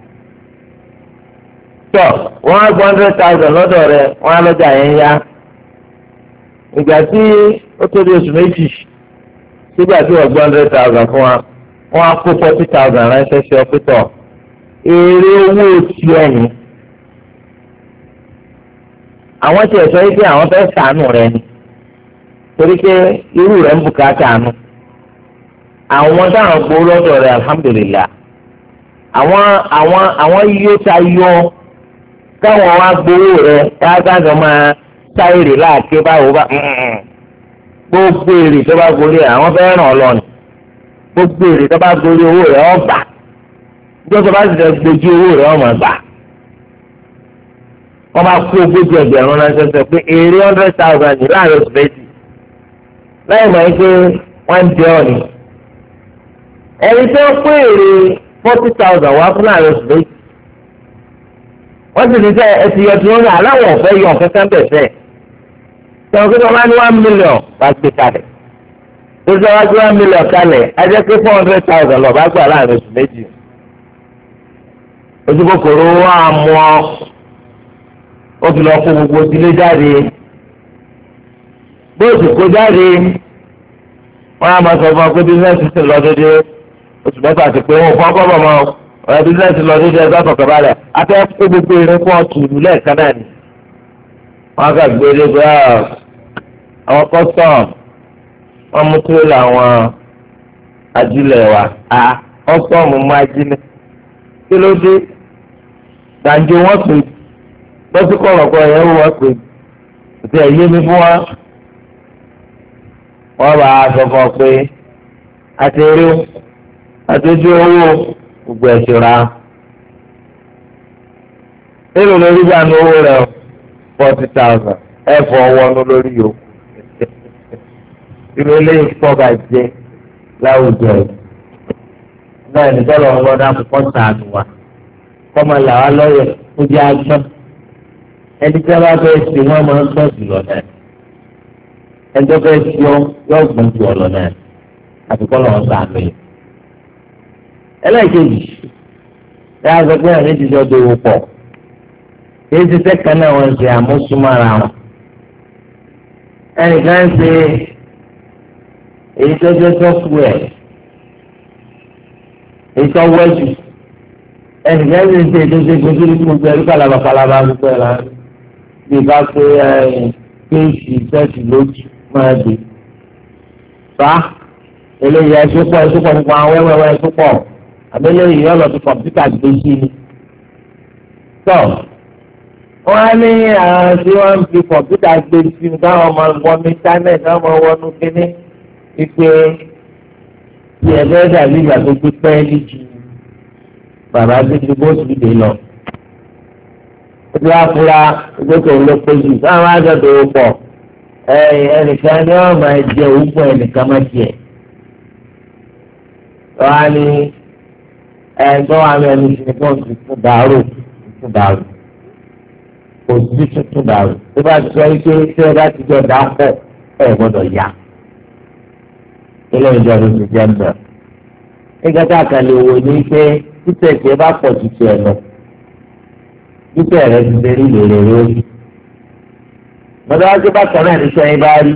tọ wọn á gbọ́ hundred thousand lọ́dọ̀ rẹ̀ wọn á lọ́jà yẹn yá ìgbà tí ó tó di oṣù méjì sígbà tí wọ́n gbọ́ hundred thousand fún wa wọ́n á kó forty thousand ránṣẹ́ sí ọ́pítọ̀ èrè owó ti ẹ̀yìn àwọn tí ẹ̀sọ́ yìí pé àwọn fẹ́ sànù rẹ ni torí pé irú rẹ̀ ń bùkátà nù àwọn táwọn gbowó lọ́dọ̀ rẹ̀ alhamdulillah àwọn àwọn àwọn iye ta yọ káwọn wá gbowó rẹ káàkiri máa táyìrì láàké báwo bá mm, mm, mm. gbogbo èrè tó bá gorí ẹ àwọn fẹ́ ràn ọ́ lọ́nà gbogbo èrè tó bá gorí owó rẹ ọgbà gbogbo bá ti gbòjú owó rẹ ọmọ gbà wọ́n bá kó ogójì ẹgbẹ̀rún náà ṣẹ̀ṣẹ̀ pé èrè hundred thousand ní láàrin oṣù méjì lẹ́yìn náà pé wọ́n ń jẹ́ ọ̀nì ẹni tó ń pé èrè forty thousand wá fún láàrin oṣù méjì wọ́n sì ní sẹ́ ẹtì yọ dúró náà aláwọ̀ ọ̀fẹ́ yọ ọ̀fẹ́ sábẹ̀ fẹ́ sọ̀rọ̀ pé wọ́n bá ní one million bá gbé kalẹ̀ tó sọ wá gbé one million kalẹ̀ ajẹ́ pé four hundred thousand lọ bá gbà láàrin oṣù méjì ojú kòkòrò wa mú ọ ó fi lọ kó gbogbo sílé jáde bóòsì kó jáde wọ́n á máa sọ fún ọ pé bísí náà ti lọ déédéé oṣù mẹ́fà ti pé wọn fún ọgọ́bọ̀ mọ́ ọ̀rẹ́ bísíǹsì lọ nídìí ẹgbẹ́ ọ̀kọ̀ balẹ̀ afẹ́ kó gbogbo irin fún ọ̀tún lẹ́ẹ̀kan náà ni. wọn kà gbé lẹ́gbẹ́ ah, àwọn custom wọn mú tó làwọn ajílẹ̀ wa a custom mú ajílẹ̀ kí ló dé gbàǹjo wọn pè bọ́sí kọ̀ọ̀kọ̀ yẹn wọ́n pè àti ẹ̀yẹ́ mi fún wa wọ́n bá a sọ fún ọ pé àti eré àtọ́jú owó gbogbo ẹ̀sìn ra nínú lórí bá nu owó rẹ̀ forty thousand ẹ fọ ọwọ́ nu lórí yòókù irú eléyìí pọ̀ bàjẹ́ láwùjọ yìí náà nìjọba ọlọ́dà kọ́ sàánù wa kọ́ máa là wá lọ́yẹ̀ kó jẹ́ agbọ́n ẹni tí a bá fẹ́ ṣe wọ́n máa ń sọ jù lọ náà ẹni tó fẹ́ ṣe ọ yóò gbọ́n jù ọ lọ náà àbíkọ́ lọ́wọ́ sàánù yìí ẹlẹ́ẹ̀kejì ẹ á sọ pé àwọn méjì jọ dòwò pọ̀ èyí ti sẹ́kàn náà wọ́n ṣe àmúṣúmọ́ra wọn ẹnìkan ń ṣe èyí tó jẹ́ sọ́fúwẹ̀ èyí tó wẹ́jù ẹnìkan ń ṣe èyí tó ṣe gbogbo gbogbo ẹ̀rú kalaba kalaba gbogbo ẹ̀ lánàá bí bá pé kéèsì sẹ́ẹ̀sì lójú máa dé fa
eléyìí ẹ̀ṣúpọ̀ ẹ̀ṣúpọ̀ nípa
wẹ́wẹ́wẹ́ ẹ̀ṣúpọ̀ abẹ́lẹ́ yìí yọ lọ sí kọ̀mpútà gbé sí ni. tọ́ wọ́n á ní àwọn tí wọ́n ń fi kọ̀mpútà gbé sí ni káwọn ọmọ wọnú íńtánẹ́ẹ̀tì káwọn ọmọ wọnú kínní wípé tí ẹ bẹ́ẹ̀ dàbí ìgbà tó gbé pẹ́ẹ́lí ju bàbá tó ti bó sì dé lọ. ó ti wá fura ìgbésẹ̀ olóko jù káwọn á jọ dòwò pọ̀ ẹnìkan ni wọ́n máa jẹ òwúgbọ̀n ẹnìkan máa jẹ. wọ́n á ní ẹgbẹ́ wa lọ ẹni tí wọ́n ti tún dàrú tún dàrú kò sí tuntun dàrú tó bá ti sọ ike tí ẹ bá ti jọ dà pọ̀ ẹ gbọ́dọ̀ yá ilé ìjọ ló ti jẹ́ mbẹ́. nígbà tá a kàn lè wò ní pé títẹ̀ tí ẹ bá pọ̀ tuntun ẹ̀ lọ títẹ̀ rẹ ti ṣe rí lèrè lórí. mọ̀tò wá sí bákan náà níṣẹ́ yín bá rí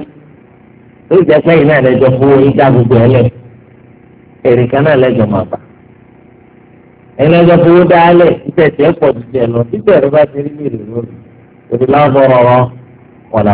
ó jẹ́ pé ìnáà lẹ́jọ́ fún yín dá gbogbo ẹ̀ lẹ̀ èrè kan náà lẹ́jọ́ máa bà ẹlẹ́jọ́ fowó dálẹ̀ títẹ̀tì ẹ̀ pọ̀ jíjẹ lọ títẹ̀ rẹ bá ti rí lèrè lórí òdì láǹfọ̀rọ̀ wọn
wọn là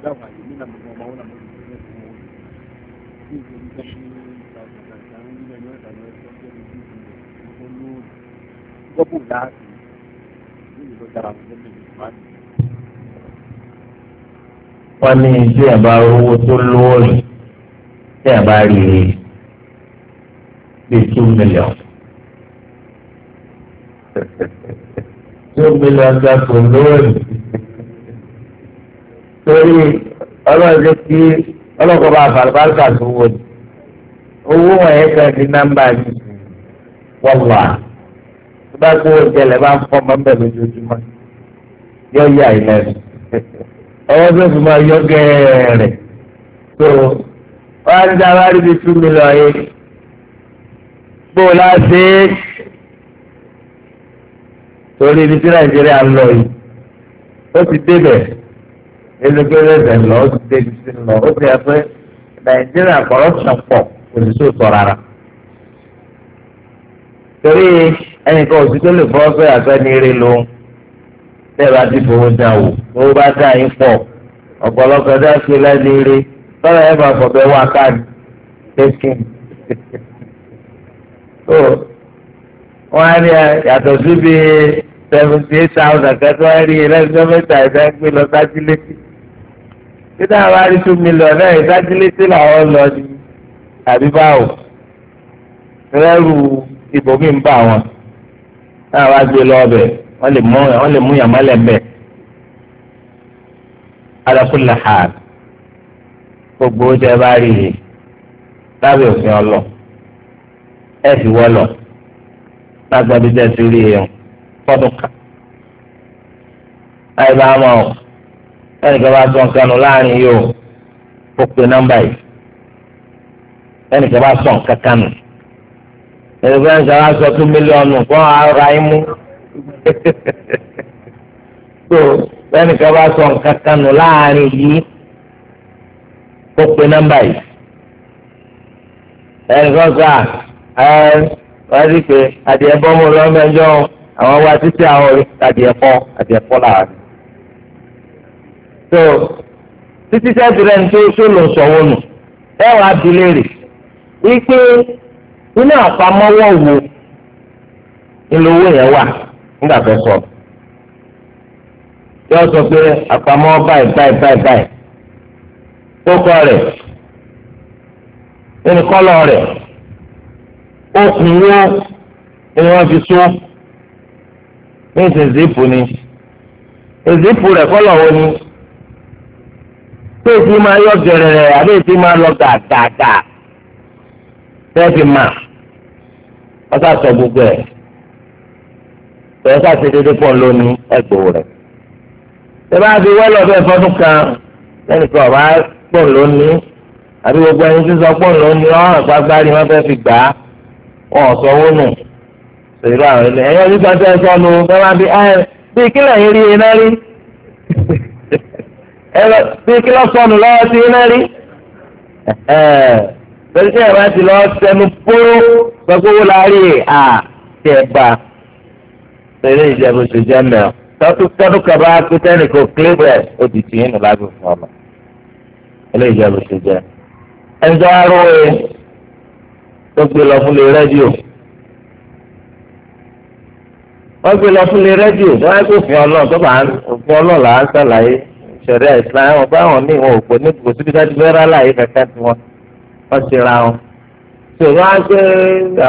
Thank you gbọ́bù láti nílùú dára fún mi wáyé.
wọ́n ní tí ẹ̀ bá owó tó lówó rì tí ẹ̀ bá rí rí bíi two million. two million dákun lówó rì. torí ọlọ́run ti kí ọlọ́kọ̀ bá àfàlùbáríkà tó wọ ni owó wọn yẹn kan di nọ́mbà yìí wọ́n wà tó bá kó jẹlẹ bá ń fọ́ mọ́mbẹ́ lójoojúmọ́ yọ yí àìlẹ́nu ọwọ́ tó fi máa yọ gẹ́ẹ̀rẹ̀ tó wọ́n á ń dábàá rí bí two million yìí bó o láti torí ibi tí nàìjíríà ń lọ yìí ó ti débẹ̀ elégéré rẹ̀ lọ ó ti débi sí lọ ó ti yẹ pé nàìjíríà corruption pọ̀ kò sí sóòtọ́ rárá. torí ẹnìkan òsì tó lè fọwọ́ pé àfẹ́ni rí ló ń tẹ́ ti fowó dá o owó bá dá yín pọ̀ ọ̀pọ̀lọpọ̀ dá sí lẹ́ni rí tọ́lá ẹ̀ máa fọ̀bẹ́ wá káàdì tẹ́sí. wọ́n á rí yàtọ̀ síbi seventy eight thousand kẹ́tọ́ rí ẹlẹ́gbẹ́mẹ́ta ẹ̀dá gbé lọ sájú létí títí àwọn arísú mílíọ̀nù náà ìdájílétí làwọn lọ ní àbíbáwò rẹ́rù ibòmí ń bá wọn náà wá gbé lọ ọbẹ̀ wọ́n lè mú wọ́n lè mú yàmọ́lẹ̀ mbẹ́ alákùnlé ha gbogbo oúnjẹ bá rí i lábẹ́ òfin ọlọ ẹ fi wọ́lọ̀ lágbàdo jẹ́ sí rí i fọ́dún kan. Báyìí bá wọn o ẹnìkan bá sọ nǹkan nù láàrin yìí o ó pe nọ́mbà yìí ẹnìkan bá sọ nǹkan kan nù ẹnìkan bá sọ wá sọ tó mílíọ̀nù kó ara yín mú so ẹnìkan bá sọ nǹkan kan nù láàrin yìí ó pe nọ́mbà yìí ẹnìkan sọ ẹ wọ́n rí i pé adìẹ bọ́mú lọ́mọ ẹjọ́ àwọn wa títí àwọn orí adìẹ pọ́ adìẹ pọ́ làwọn. so títí sẹ́ẹ̀tì rẹ̀ tó sólò sọ̀wọ́ nù ẹ wàá bi léèrè wípé inú àpamọ́wọ́ wo ìlówó yẹn wà nígbà tó sọ yọ sọ pé àpamọ́ báyìí báyìí báyìí báyìí tó kọ rẹ̀ nínú kọ́lọ̀ rẹ̀ okùn wo wọ́n zipu ni ṣé èsì máa yọ gẹ̀rẹ̀ rẹ̀ àbí èsì máa lọ gàgàgà tẹ́ẹ̀fì mà ọ̀sà sọ gbogbo ẹ̀ tọ́sà ṣe déédéé pọ̀ lónìí ẹgbò rẹ̀ tẹ́lá fi wẹ́lọ̀ bẹ́ẹ̀ fọ́dún kan lẹ́nìkan ọ̀bá pọ̀ lónìí àbí gbogbo ẹni tí sọ pọ̀ lónìí ọ̀hún àgbágbárí wọn fẹ́ẹ́ fi gbà á wọn ò sọ owó nù ṣèlú àwọn ẹlẹ́yìn ẹ̀yọ́ nígbà tẹ́ sọ ẹ̀rọ bí kí lọ́ sọnù lọ́wọ́ sí iná rí torí tí ẹ̀rọ ti lọ sẹnu póró gbogbo wò láàárín ẹ̀ à tẹ̀ bá eré ìjẹ̀bù tó jẹ́ mẹ́rin tọ́dún kaba pété nìkan kílébẹ̀ òdìtì yín nù lábẹ́ fún ọ̀nà eléyìí jẹ́ bó ṣe jẹ́ ẹnjọ́ arúgbó e, tó gbé lọ fún lè rẹ́díò wọ́n gbé lọ fún lè rẹ́díò tó wáyé kó fún ọlọ́ọ̀ tó bá òfin ọlọ́ọ̀ là á sàlàyé sẹ̀rẹ̀ islam ọba àwọn míì wọn ò pọ̀ ní kò síbi dájú fẹ́ẹ́ rálá yìí kankan tí wọ́n wọ́n ti ra wọn. sọ̀rọ̀ á gbé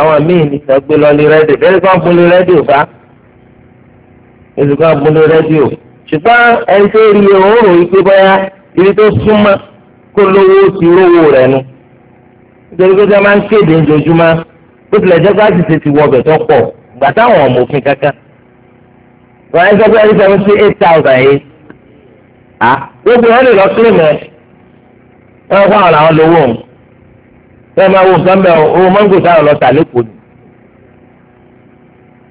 àwọn míì ní ìtàgbé lọ́lé rẹ́díò bẹ́ẹ̀ kọ́ múlé rẹ́díò bá èsì kọ́ múlé rẹ́díò ṣùgbọ́n ẹni tó rí òórùn ìgbé bọ́yá ibi tó súnmọ́ kó lówó ti rówó rẹ̀ nu. nítorí pé sọ́ọ́ máa ń kéde ojoojúmọ́ bó tilẹ̀ jẹ́ pé àṣìṣe ti wọ ọbẹ̀ tó pọ̀ à ah, gbogbo wọn lè lọ sílẹ̀ mẹ́ wọn kọ́ àwọn làwọn lówó òun bẹ́ẹ̀ máa wo nǹkan bẹ́ẹ̀ owó mọ́ngò táwọn lọ tà lẹ́kọ̀ọ́ ni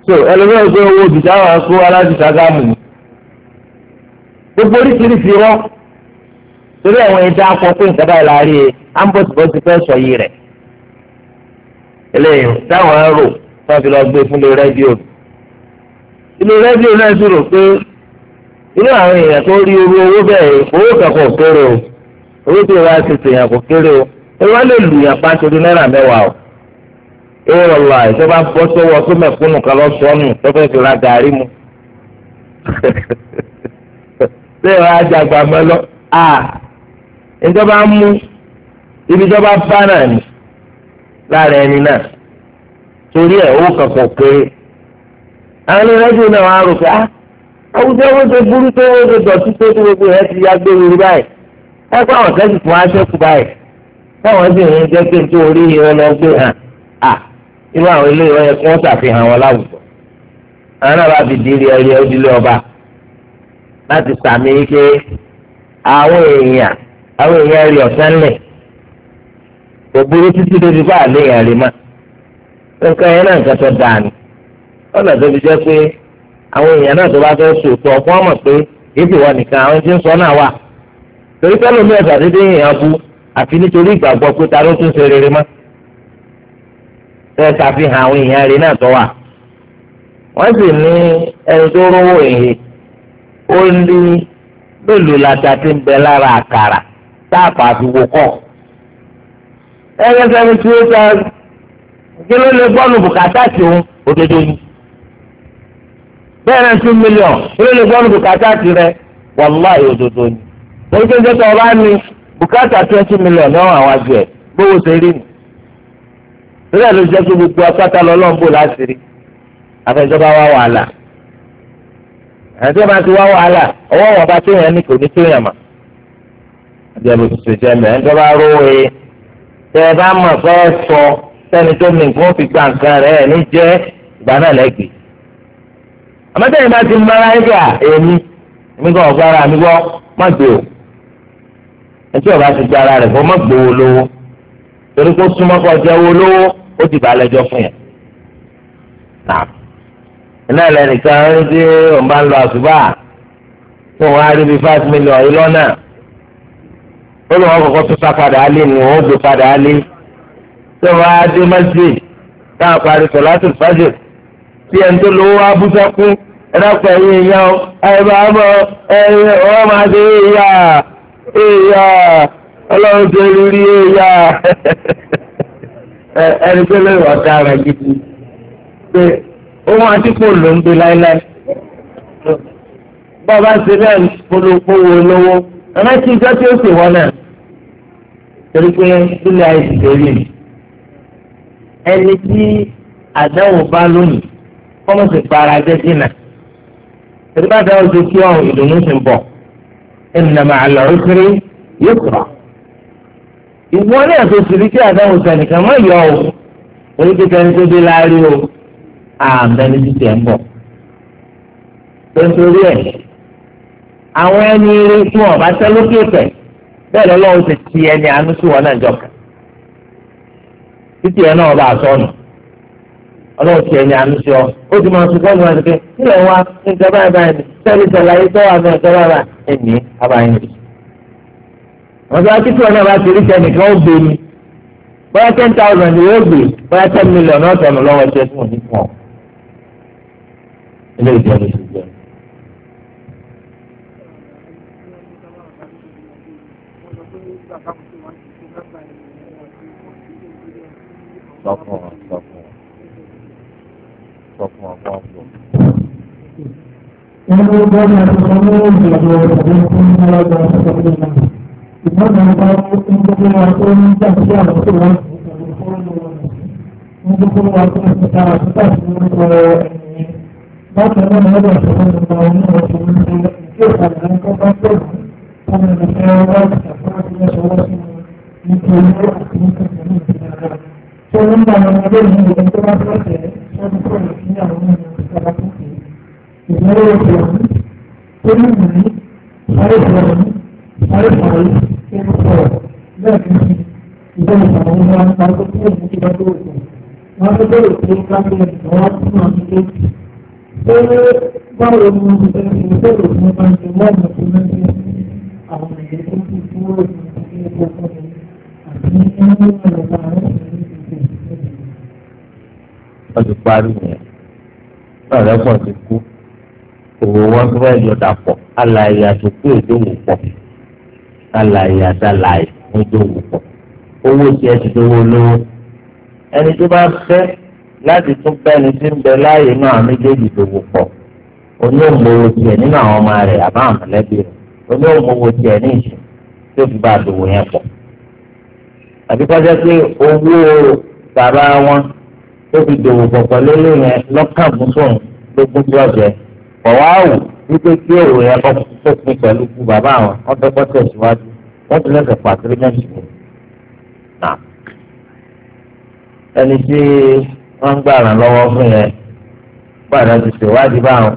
so ẹlòmíràn gbé owó òbí táwọn akó aláṣìṣà gáàmù ni gbogbo oríṣiríṣi rọ torí àwọn ẹja akọ pé nǹkan báyìí láàárín e ambọ̀tìbọ̀tì fẹ́ sọ yìí rẹ̀ eléyìí táwọn ẹrù tó fi lọ gbé fún lórí rẹ́díò ilé rẹ́díò náà sì rò pé inú àwọn èèyàn tó rí irú owó bẹ́ẹ̀ owó kankan kéré o owó tí wọ́n á ti sèyàn kò kéré o ìwọ́n lè lù yàn pa torí náírà mẹ́wàá o ìwọ lọ́la ìṣe bá bọ́ sọ́wọ́ tó mẹ̀kúnnù kan lọ sọ́nù tó fẹ́ fi ra gàrí mu ṣé ìwọ́n á jàgbá mẹ́lọ́ à ìjọba mú ibi ìjọba bá náà ní lára ẹni náà torí ẹ̀ owó kankan kéré àwọn ẹlẹ́dùn náà wọ́n á rò pé ah. àwùjọ wo ṣe tó wo ṣe tó tó gbogbo ti ya gbé wuli báyìí ẹ pé àwọn sẹ́sì fún aṣẹ́kù báyìí táwọn sì ń jẹ́ pé tó orí wọn lọ gbé hàn à irú àwọn ilé ìwọ̀n yẹn kí wọ́n ṣàfihàn wọn láwùjọ àwọn náà bá fi di ilé ojúlé ọba láti sàmì ike àwọn èèyàn àwọn èèyàn rí kò burú títí débi rí mọ́ nǹkan yẹn náà nǹkan tó àwọn èèyàn náà tó bá fẹ́ sòtọ́ fún ọmọ pé èsì wọn nìkan àwọn tí ń sọ náà wà torí pẹ́lú mi ọ̀sà dídé èèyàn bu àfi nítorí ìgbàgbọ́ pé ta ló tún ṣe rere mọ́ ẹ ṣàfihàn àwọn èèyàn rẹ náà tó wà wọ́n sì ní ẹni tó rówó èyí ó ní mélòó ti ń bẹ lára àkàrà tá a kọ́ ẹgbẹ́ sẹ́ni tí ó kí ló lè bọ́ọ̀lù bẹ́ẹ̀ náà two million ilé lè gbọ́n bùkátà tirẹ̀ wàláì ni o bá ní bùkátà twenty million náà àwọn àjọ ẹ̀ gbówó ṣe rí ni torí ló jẹ́ kí gbogbo apáta lọ́lọ́mbò láti rí àfẹjọba wá wàhálà àti ẹ̀ ti wá wàhálà ọwọ́ wọn bá tó yẹn ní kò ní tó yẹn mà tuntun jẹ́ mẹ́ e, ẹ bá mọ̀ fẹ́ àmọ́tẹ́yìn bá ti mara ẹ̀ bíà èmi èmi kan ọ̀gbọ́n ara mi gbọ́ má gbé o ẹtí ọba ti gba ara rẹ̀ fọ́ má gbowó lówó torí kó súnmọ́ kọ́ jẹ́ owó lówó ó ti bá lẹ́jọ́ fún yẹn. iná ẹlẹ́nìkan ń dé òun ń lọ àṣùbà tó wọn á rí bíi five million yìí lọ́nà ó lọ́ wọn kọ́kọ́ tún sá padà á lé ni òun ó gbé padà á lé tó wọn á dé mẹ́sì táwọn parí sọ̀lá tó fàjẹ́ tí ẹni tó lówó á bú sẹ́kún ẹ̀dọ́pẹ̀ yìí yàn ọ́ ẹ̀bà mọ́ ẹ̀yìn ọ́ máa ṣe ìyá ìyá ọlọ́run ṣe rírí ìyá ẹni tó lè wà dára gidi pé òun àti kò ló ń gbé láéláé bọ́ọ̀bá ṣe bẹ́ẹ̀ polówó olówó ẹ̀rọ tí ìjọ tí ó sì wọ́n náà torí pé sílẹ̀ àìsí lórí mi ẹni tí àdáwò bá lónìí kọ́mọ̀sì para jẹ́ dínà torí bá dáwọ́ ojú kí ọ̀hún ìdùnnú sì ń bọ̀ inna ma'al usri yusra. ìwọ ní ẹ̀sọ́ sì rí kí àdáwọ̀ sẹ̀nìkan mọ́ yọ o oníkẹ́kẹ́ ní tó dé láàárín o àmẹ́ni ti tẹ̀ ń bọ̀. pẹ̀ntorí ẹ̀ àwọn ẹni tí wọn bá tẹ́ lókè pẹ̀ bẹ́ẹ̀ lọ́wọ́ ti ti ẹni àánú sí wọn náà jọ kàn títí ẹ náà bá a sọnù ọlọ́run ti ẹni àánú sí ọ ó ti máa sùn kọ́ọ̀lù wọn pé nílẹ̀ wa nǹkan báyìí báyìí ni sẹ́ẹ̀lì sàlàyé sọ́wọ́ àmì ọ̀gá bàbá ẹ̀mí abáyé rí. wọ́n sọ akíkú ọ̀nà bá ti rí sẹ́ni kan ó gbé mi bóyá ten thousand ni yóò gbé bóyá ten million náà sọ̀nù lọ́wọ́ ṣe fún òní kan.
ilé ìjọ ló ti jẹ. Sọ fún sọ fún ọ fún ọ̀pọ̀. Ẹni ọgbọ́n ni a ti sọ ní ìgbìyànjú ọ̀sẹ̀ fún ọlọ́gbà ọ̀sẹ̀ tó náà. Ìgbọ́n ni a ti sọ ní gbogbo wa tó ń jà sí àwọn tó wà ní gbogbo wa tó ń ta àtúntà sí orúkọ ẹ̀yìn. Bákan náà ni ọgbà ọ̀sẹ̀ tó náà ní ọ̀sẹ̀ ní ilé ìpàdé nǹkan bá tó fún mi nípa ọgbà ọ̀sẹ̀ fún ọ̀sẹ̀ nítorí àti nítorí ìpínlẹ̀ náà. Tó ń bá ọmọdé yìí ẹni tó bá fẹ́ wọ́n ti sọ̀rọ̀ sí àwọn ọmọ ìjọba tó ké ìnáwó ìfọ̀rọ̀ ní tóní ìmọ̀ní sáré ìfọ̀rọ̀ ní sáré ìfọ̀rọ̀ yìí kí wọ́n sọ̀rọ̀ bẹ́ẹ̀ kì í ṣe ìjọba ìfọ̀rọ̀ ní wọn máa tó kúrò ní ìjọba tó wọ̀ wọ́n ti bẹ̀rẹ̀ pé káfíń ìfọwọ́ tún wọn ti ké pé báwo ni wọ́n ti bẹ̀rẹ̀ pé bẹ́ẹ̀ ló fún wọn ti wọ́n mọ̀ tó náà ti àwọn ìdè tó ti kúrò ní ìjọba tó wọ̀ àti ẹni
wọ́n ti parí nìyẹn náà lẹ́pọ̀ ti kú òwò wọn tó bá yọ dàpọ̀ alàyè àtòkú ìdówó pọ̀ alàyè àdàlàyè ìdówó pọ̀ owó tiẹ̀ ti dówó lówó ẹni tó bá fẹ́ láti tún bẹ́ni tí ń bẹ láàyè náà méjèèjì dòwò pọ̀ onímọ̀wò tiẹ̀ nínú àwọn ọmọ rẹ̀ àbá àmọ̀lẹ́bí rẹ̀ onímọ̀wò tiẹ̀ ní ìṣù tó fi bá dòwò yẹn pọ̀ àbíkọ́jọ́ pé owó bàbá wọn ó fi dòwò pọ̀ pẹ̀lú eléyẹn lọ́kàn fúnfún lógún tí ọ̀jẹ̀ kọ̀ wá wò wípé kí èrò yẹn kọ́ tó pin pẹ̀lú ikú bàbá àwọn wọ́n fẹ́ kọ́ tẹ̀síwájú wọ́n ti lẹ́sẹ̀ pa agreement mi. ẹni tí wọ́n ń gbàràn lọ́wọ́ fún yẹn gbàrà ti ṣèwádìí báwọn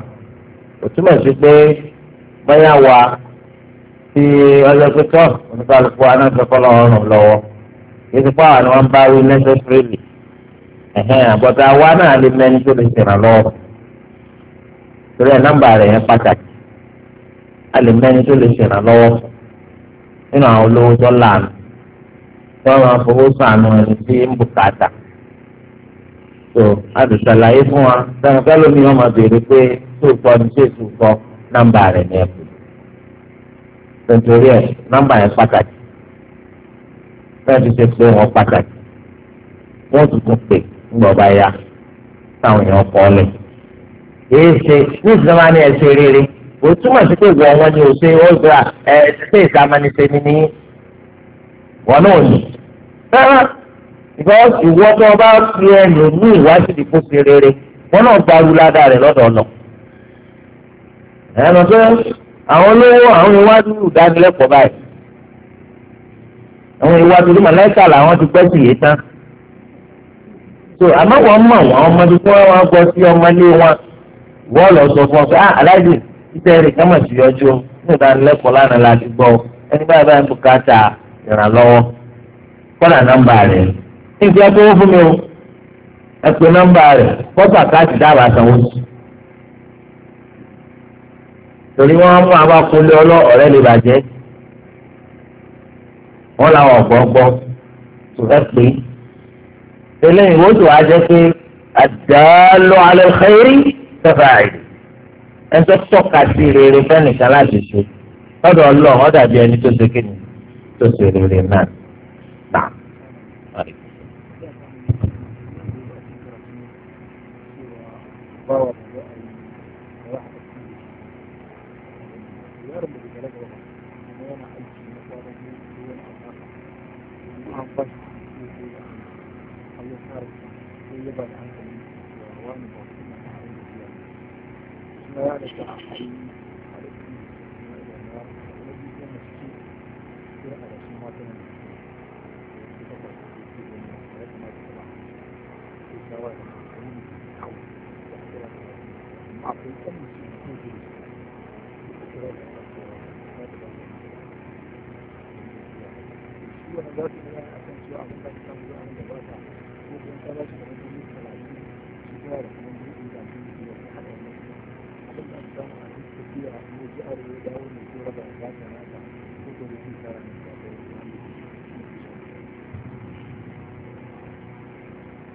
kò túmọ̀ sí pé bóyá wa ti ọlọ́pẹ́tọ́ oníkàlùkù anáfẹ́kọ́ lọ́wọ́ ràn lọ́wọ́ yìí ti pààrọ̀ ni wọ́n bá wí ẹ̀hẹ́n àgbọ̀tà wa náà lè tó lè torí yẹn pàtàkì a lè mẹ́ni tó lè ṣèrànlọ́wọ́ nínú àwọn olówó tó láàánú tí wọ́n máa fowó sànù ẹni tí ń bùkátà tó a lè ṣàlàyé fún wa wọn máa béèrè pé ni
kù yẹn
pàtàkì ṣe pé pàtàkì tuntun pè gbọ̀ba ya táwọn èèyàn kọ́ lẹ̀. èyí ṣe ní ìsinmi ni ẹ̀sìn rere kò túmọ̀ sí pé ìwọ wọn ni òṣè ọ̀gbà ẹ̀ ṣe ìsàmánisẹ́ ni ní wọn náà ní. because ìwọ tó o bá fi ẹnu ní ìwádìí kó ṣe rere wọn náà gba awúládà rẹ lọ́dọ̀ ọ̀nà. ẹnu pé àwọn olówó àwọn ìwádìí ìdánilẹ́kọ̀ọ́ báyìí àwọn ìwádìí mọ̀lẹ́kà làwọn ti gbẹ́sì yìí tán. so àmọ́ wọ́n mọ̀ wọ́n ọmọdé tí wọ́n wọ́n gbọ́ sí ọmọlé wọn wọ́n lọ fún ọ pé ah rẹ̀ kẹ́mọ̀ sí ní ìdánilẹ́kọ̀ọ́ lánàá gbọ́ ẹni báyìí báyìí bùkátà ìrànlọ́wọ́ kọ́nà rẹ̀ fún mi o rẹ̀ dábàá sanwó sí torí mú lè eléyìí wọ́n tó wá jẹ́ pé àdáálò alẹ́ xẹ́rí tẹ̀fà àìrí ẹjọ́ tọ́ka sí rere fẹ́nìkan láti ṣe lọ́dọ̀ ọlọ́ ọ dàbí ẹni tó ṣe kéde tó ṣe rere náà nà. Thank you.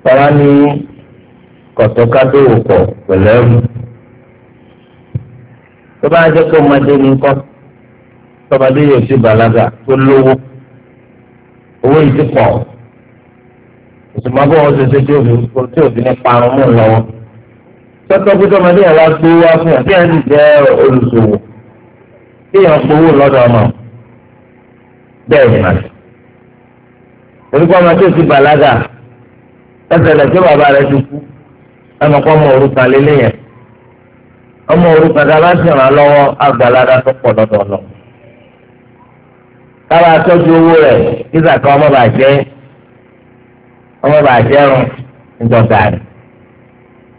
tọ́lá ní kọ̀tọ́kádówó pọ̀ pẹ̀lú ẹrú tó bá jẹ́ pé ọmọdé ní kọ́ tọ́ba dé yóò ti bàlágà tó lówó owó yìí ti pọ̀ òsùnmọ́gbọ́n ọ̀sẹ̀ ṣe tí òbí ní parun mú lọ́wọ́ tọ́tọ́ pé tọ́mọdé yẹn wá gbé wá fún yàn bí yẹn sì jẹ́ olùsòwò bí yẹn gbowó lọ́dọ̀ ọmọ bẹ́ẹ̀ ni màá torí pé ọmọdé ti bàlágà ẹsẹ̀ lẹ́sẹ̀ bàbá rẹ̀ ti kú ẹnu kọ́ ọmọ òrùka lélẹ̀ yẹn ọmọ òrùka tá a bá sì ràn lọ́wọ́ àgbàlagbà tó pọ̀ lọ́dọọlọ. káwa tọ́jú owó rẹ̀ kíkà kan ọmọ bàjẹ́ ọmọ bàjẹ́ rún ìjọba rẹ̀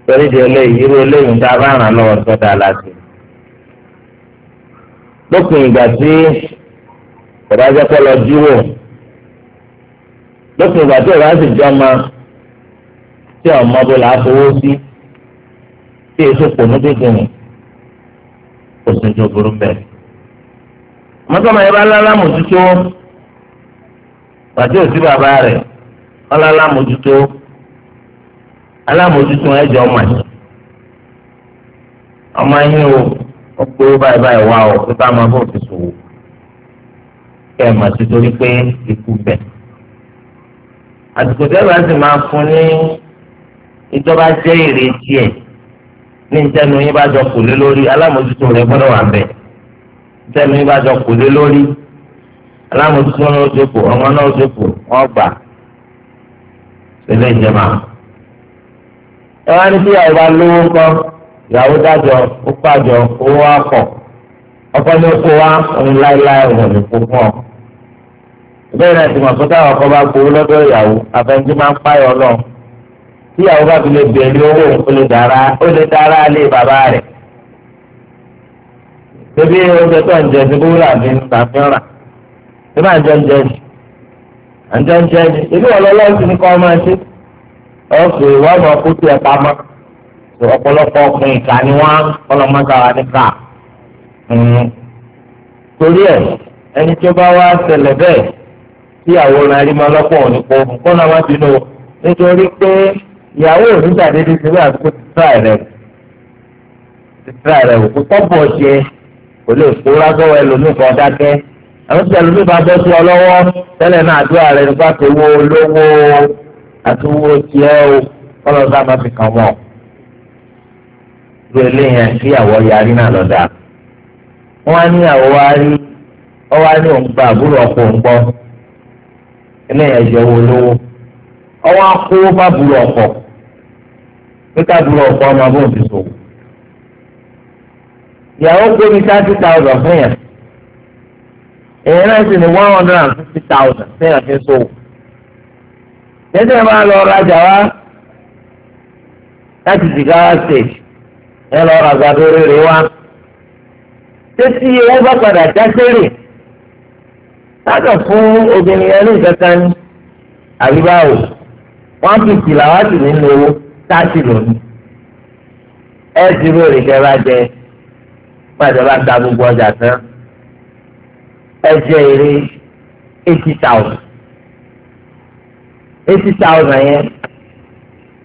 torí di eléyìí irú eléyìí tá a bá ràn lọ́wọ́ sọ́dọ̀ aláṣẹ. lópin ìgbà tí ìdájọ́ kọ́ lọ jíwò lópin ìgbà tí ìdájọ́ sì jọ́ máa tí ọmọ bó la fowó sí tí èso pò ní dídìrín kò sí tó burú bẹ́ẹ̀. mọ́tòmọ́ yẹn bá lálá mójútó pàtó òsì bàbá rẹ̀ ọlọ́lá mójútó alámòjútó ẹ̀jọ̀ ọmọ yìí ọmọ yìí o ó pé ó báyìí báyìí wá o pé bá máa bọ̀ fi sòwò kẹ́ ẹ̀ mà sí torí pé ikú bẹ̀ àsìkò tẹ́lẹ̀ bá sì máa fún ní ìjọba jẹ́ èrè tiẹ̀ ní ìtẹnu yín bá jọ kò lé lórí alámòjútó rẹ̀ gbọ́dọ̀ wà bẹ̀ ìtẹnu yín bá jọ kò lé lórí alámòjútó náà ó dépò ọmọ náà ó dépò ọgbà sílẹ̀ ìjọba. ẹ wá ní bí àìwá lówó kan ìyàwó dájọ ó pàjọ owó akọ ọkọ ní kó wá òun láéláé òun ní kó fún ọ bẹ́ẹ̀ náà mọ̀ pé táwọn ọkọ bá gbowó lọ́dọ̀ ìyàwó àfẹnjí máa ń pààyàn náà tí àwọn bá fi lè bẹ̀rẹ̀ owó ó lè dára lé bàbá rẹ̀. Bébí oúnjẹ tó ń jẹ ti kúrò àbí tàbíọ́n rà. Ṣé máa jẹ oúnjẹ jù? À ń jẹ oúnjẹ jù. Ìlú ọlọ́lọ́sí ni kọ́ máa ṣe. Ọ̀sùn ìwà ọmọ kú sí ẹ̀ka mọ́. Ọ̀pọ̀lọpọ̀ ọkùnrin ìka ni wọ́n ọlọ́mọdé wa ní ká. Hmm. Torí ẹ̀ ẹni tó bá wá ṣẹlẹ̀ bẹ́ẹ̀ tí àwọn ọ̀nà àrímọ́ ọlọ́pọ̀ ò ìyàwó òní ṣàdédé ti wá àgbo ti tra rẹ̀ wò ti tra rẹ̀ wò kó tọ́pọ̀ ṣe kò lè kó lásọ̀wọ́ ẹlòmíì kan dákẹ́ àwọn tí ẹlòmíì bá bọ́ sí ọ lọ́wọ́ tẹ́lẹ̀ náà àdúrà rẹ̀ nípa tó wo lówó àtúwò tiẹ̀ o kọ́lọ́sá má fi kàn mọ́ ìlú eléyẹn kíyàwó yarí náà lọ́dà wọ́n á níyàwó wá rí wọ́n wá ní òǹgbà àbúrò ọkọ̀ òǹgbọ́ eléyẹn jẹ́ owó lówó ọwọ́ á kó bá burú ọkọ̀ pé kádùúrà ọkọ ọmọ abóhùn ti sòwò ìyàwó pé ní thirty thousand fún yẹn èyí náà sì ní one hundred and fifty thousand fún yẹn fi sòwò tẹ́tẹ́ máa lọ rajà wá láti jìgáwá stage ẹ lọ rajà tó rere wá tẹ́tí ẹ bá padà já sẹ́rìn látọ̀ fún obìnrin ẹni kankan ní àríwá o one fifty làwọn sì ní lówó táàsì lónìí ẹ dúró ìrìnkẹ́ bá jẹ pàṣẹ bá ta gbogbo ọjà tán ẹ jẹ èrè eighty thousand eighty thousand yẹn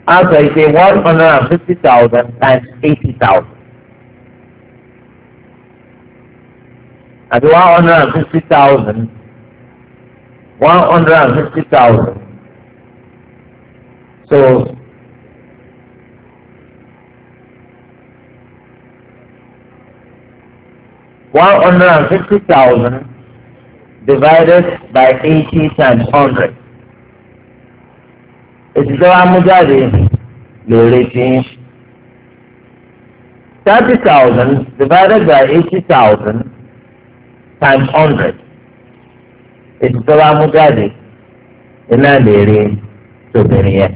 á sọ ìpè one hundred and fifty thousand times eighty thousand. àti one hundred and fifty thousand one hundred and fifty thousand so one hundred and fifty thousand divided by eighty times hundred. Èsì tó wá mú jáde lè retí. Thirty thousand divided by eighty thousand times hundred. Èsì tó wá mú jáde iná lè rí tòbìnrin yẹn.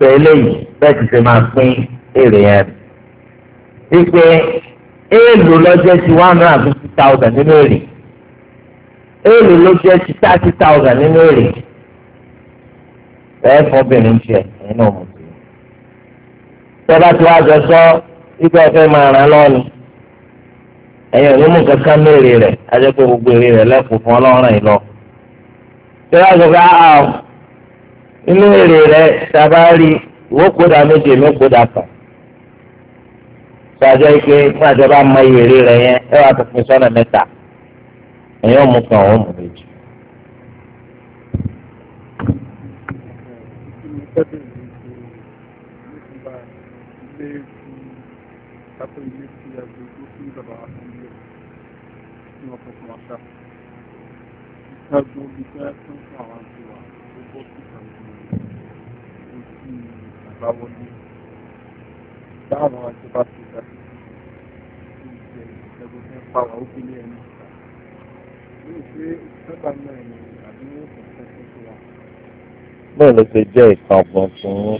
Sọ eléyìí bẹ́ẹ̀ ti ṣe máa pín èrè yẹn. Wípé. èèlò lọ́jọ́ ti one hundred and fifty thousand nínú èrè èèlò ti thirty thousand nínú èrè ẹ fọbìnrin jẹ ẹ̀yin náà mọ̀ sí tí wàá jọ sọ ibi ọ̀fẹ́ máa ràn lọ́nu ẹ̀yin òní mú kankan mérè rẹ̀ gbogbo èrè rẹ̀ lẹ́kùn fún ọlọ́run yìí lọ. sọ pé a ah, inú ah, èrè rẹ̀ tàbá rí ìwọ́kọ̀dà méje mẹ́kọ̀dà kan. tọ́jọ́ ike fún àjọba mọ ìrírí rẹ̀ yẹn ẹ wà tó fún sọ́nà mẹ́ta èyàn mú kan òun mú
méjì. Táwọn pa wà ó fi ní ẹni.
bẹ́ẹ̀ ló ṣe jẹ́ ìtàn ọ̀gbọ̀n fún yín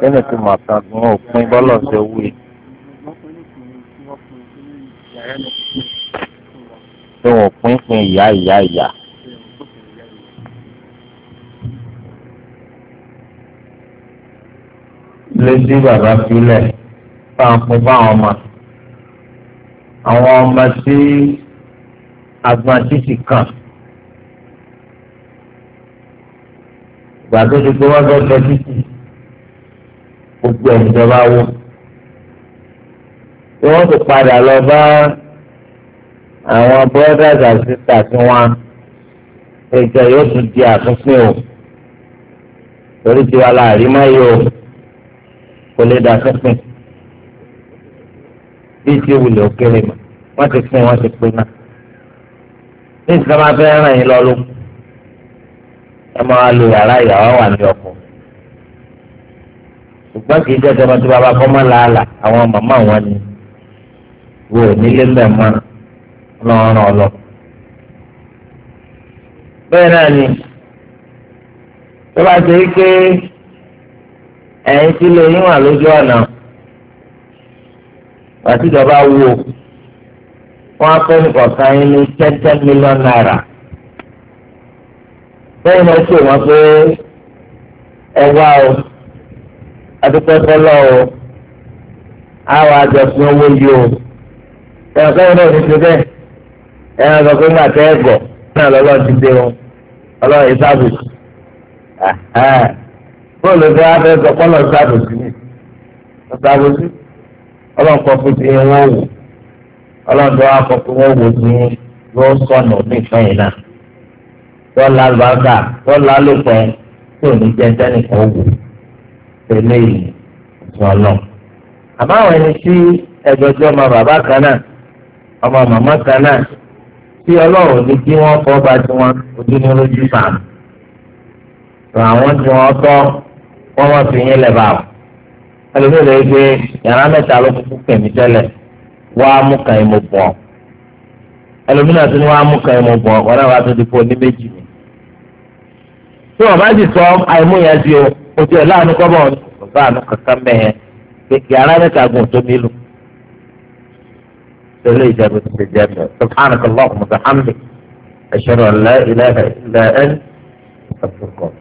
kíni tí màá kan gan òpin bọ́lọ̀ ṣe wí. tí wọn pín ìyá ìyá ìyá. lé sí bàbá sílẹ̀ fáwọn pín fáwọn ọmọ àwọn ọmọ tí agbọn títì kàn ìgbà tó ti gbé wọn fẹẹ fẹ títì gbogbo ẹnìjọba wò tí wọn ti padà lọ bá àwọn brothers and sisters wọn ìjọ yóò tún di àtúnpín o torí tiwa láàrin máa yọ kò lè dàtúnpín bíi ti wulẹ̀ òkèlè mà wọ́n ti pín wọ́n ti pín náà. ní ìsinmi fẹ́ ràn yín lọ ló ẹ máa lo yàrá ìyàwó wà ní ọkọ̀ ṣùgbọ́n kì í jẹ́ ìjọba tí bàbá kọ́ làálà àwọn màmá wọn ni wo nílé mẹ́ẹ̀mọ́ lọ́rùn ọlọ́ bẹ́ẹ̀ náà ni tó bá ṣe é pé ẹ̀yin sílé yín wà lójú ọ̀nà àtijọba wo wọn akọni kọ̀ọ̀kan yín ní ten ten million naira bẹ́ẹ̀ ni ó ṣe wọ́n pé ẹ wá o adúpẹ́fọ́lọ́ o àwọn àjọsìn owó yìí o ẹ̀rọ kẹ́yìn náà ní ti bẹ́ẹ̀ ẹ̀rọ sọ pé màtẹ́ ẹ̀gọ́ náà lọ́lọ́ ti dé wọn ọlọ́run ìsáàbùsì bóòlù bí wọ́n á fẹ́ sọ pọ́lọ̀ ìsáàbùsì ni ìsáàbùsì ọlọ́run kọ́ fún ti wọ́n wò ọlọ́run tó wá kọ́ fún wọ́n wò sí yóò sọnù ní ìfẹ́ yìí náà wọ́n la lùbáńgà wọ́n la ní jẹ́ sẹ́nìkan wò tẹ́lẹ̀ yìí sọ lọ. àmọ́ àwọn ẹni tí ẹgbẹ́jọ́ ọmọ bàbá kan náà ọmọ màmá kan náà tí ọlọ́run ní kí wọ́n fọ́ bá tiwọn ojú ní lójú fàánù. àwọn tí wọ́n tọ́ wọ́n wọ́n fi yín lẹ̀ ẹlòmíì lè gbé yàrá mẹ́ta ló kúkú pèmí tẹ́lẹ̀ wá mú kan ìmọ̀ bọ̀ ẹlòmíì náà tún ní wá mú kan ìmọ̀ bọ̀ wọn náà wá tó di pọ̀ ní méjì ni. tí wọn bá sì sọ àìmú yẹn sí o ojú ẹ̀ láàánú kọ́bọ̀ bàbá àánú kankan mẹ́yẹn yàrá mẹ́ta gùn tó mi lù. تولي إجابة الجامعة سبحانك اللهم وبحمدك أشهد أن لا إله إلا أنت أستغفرك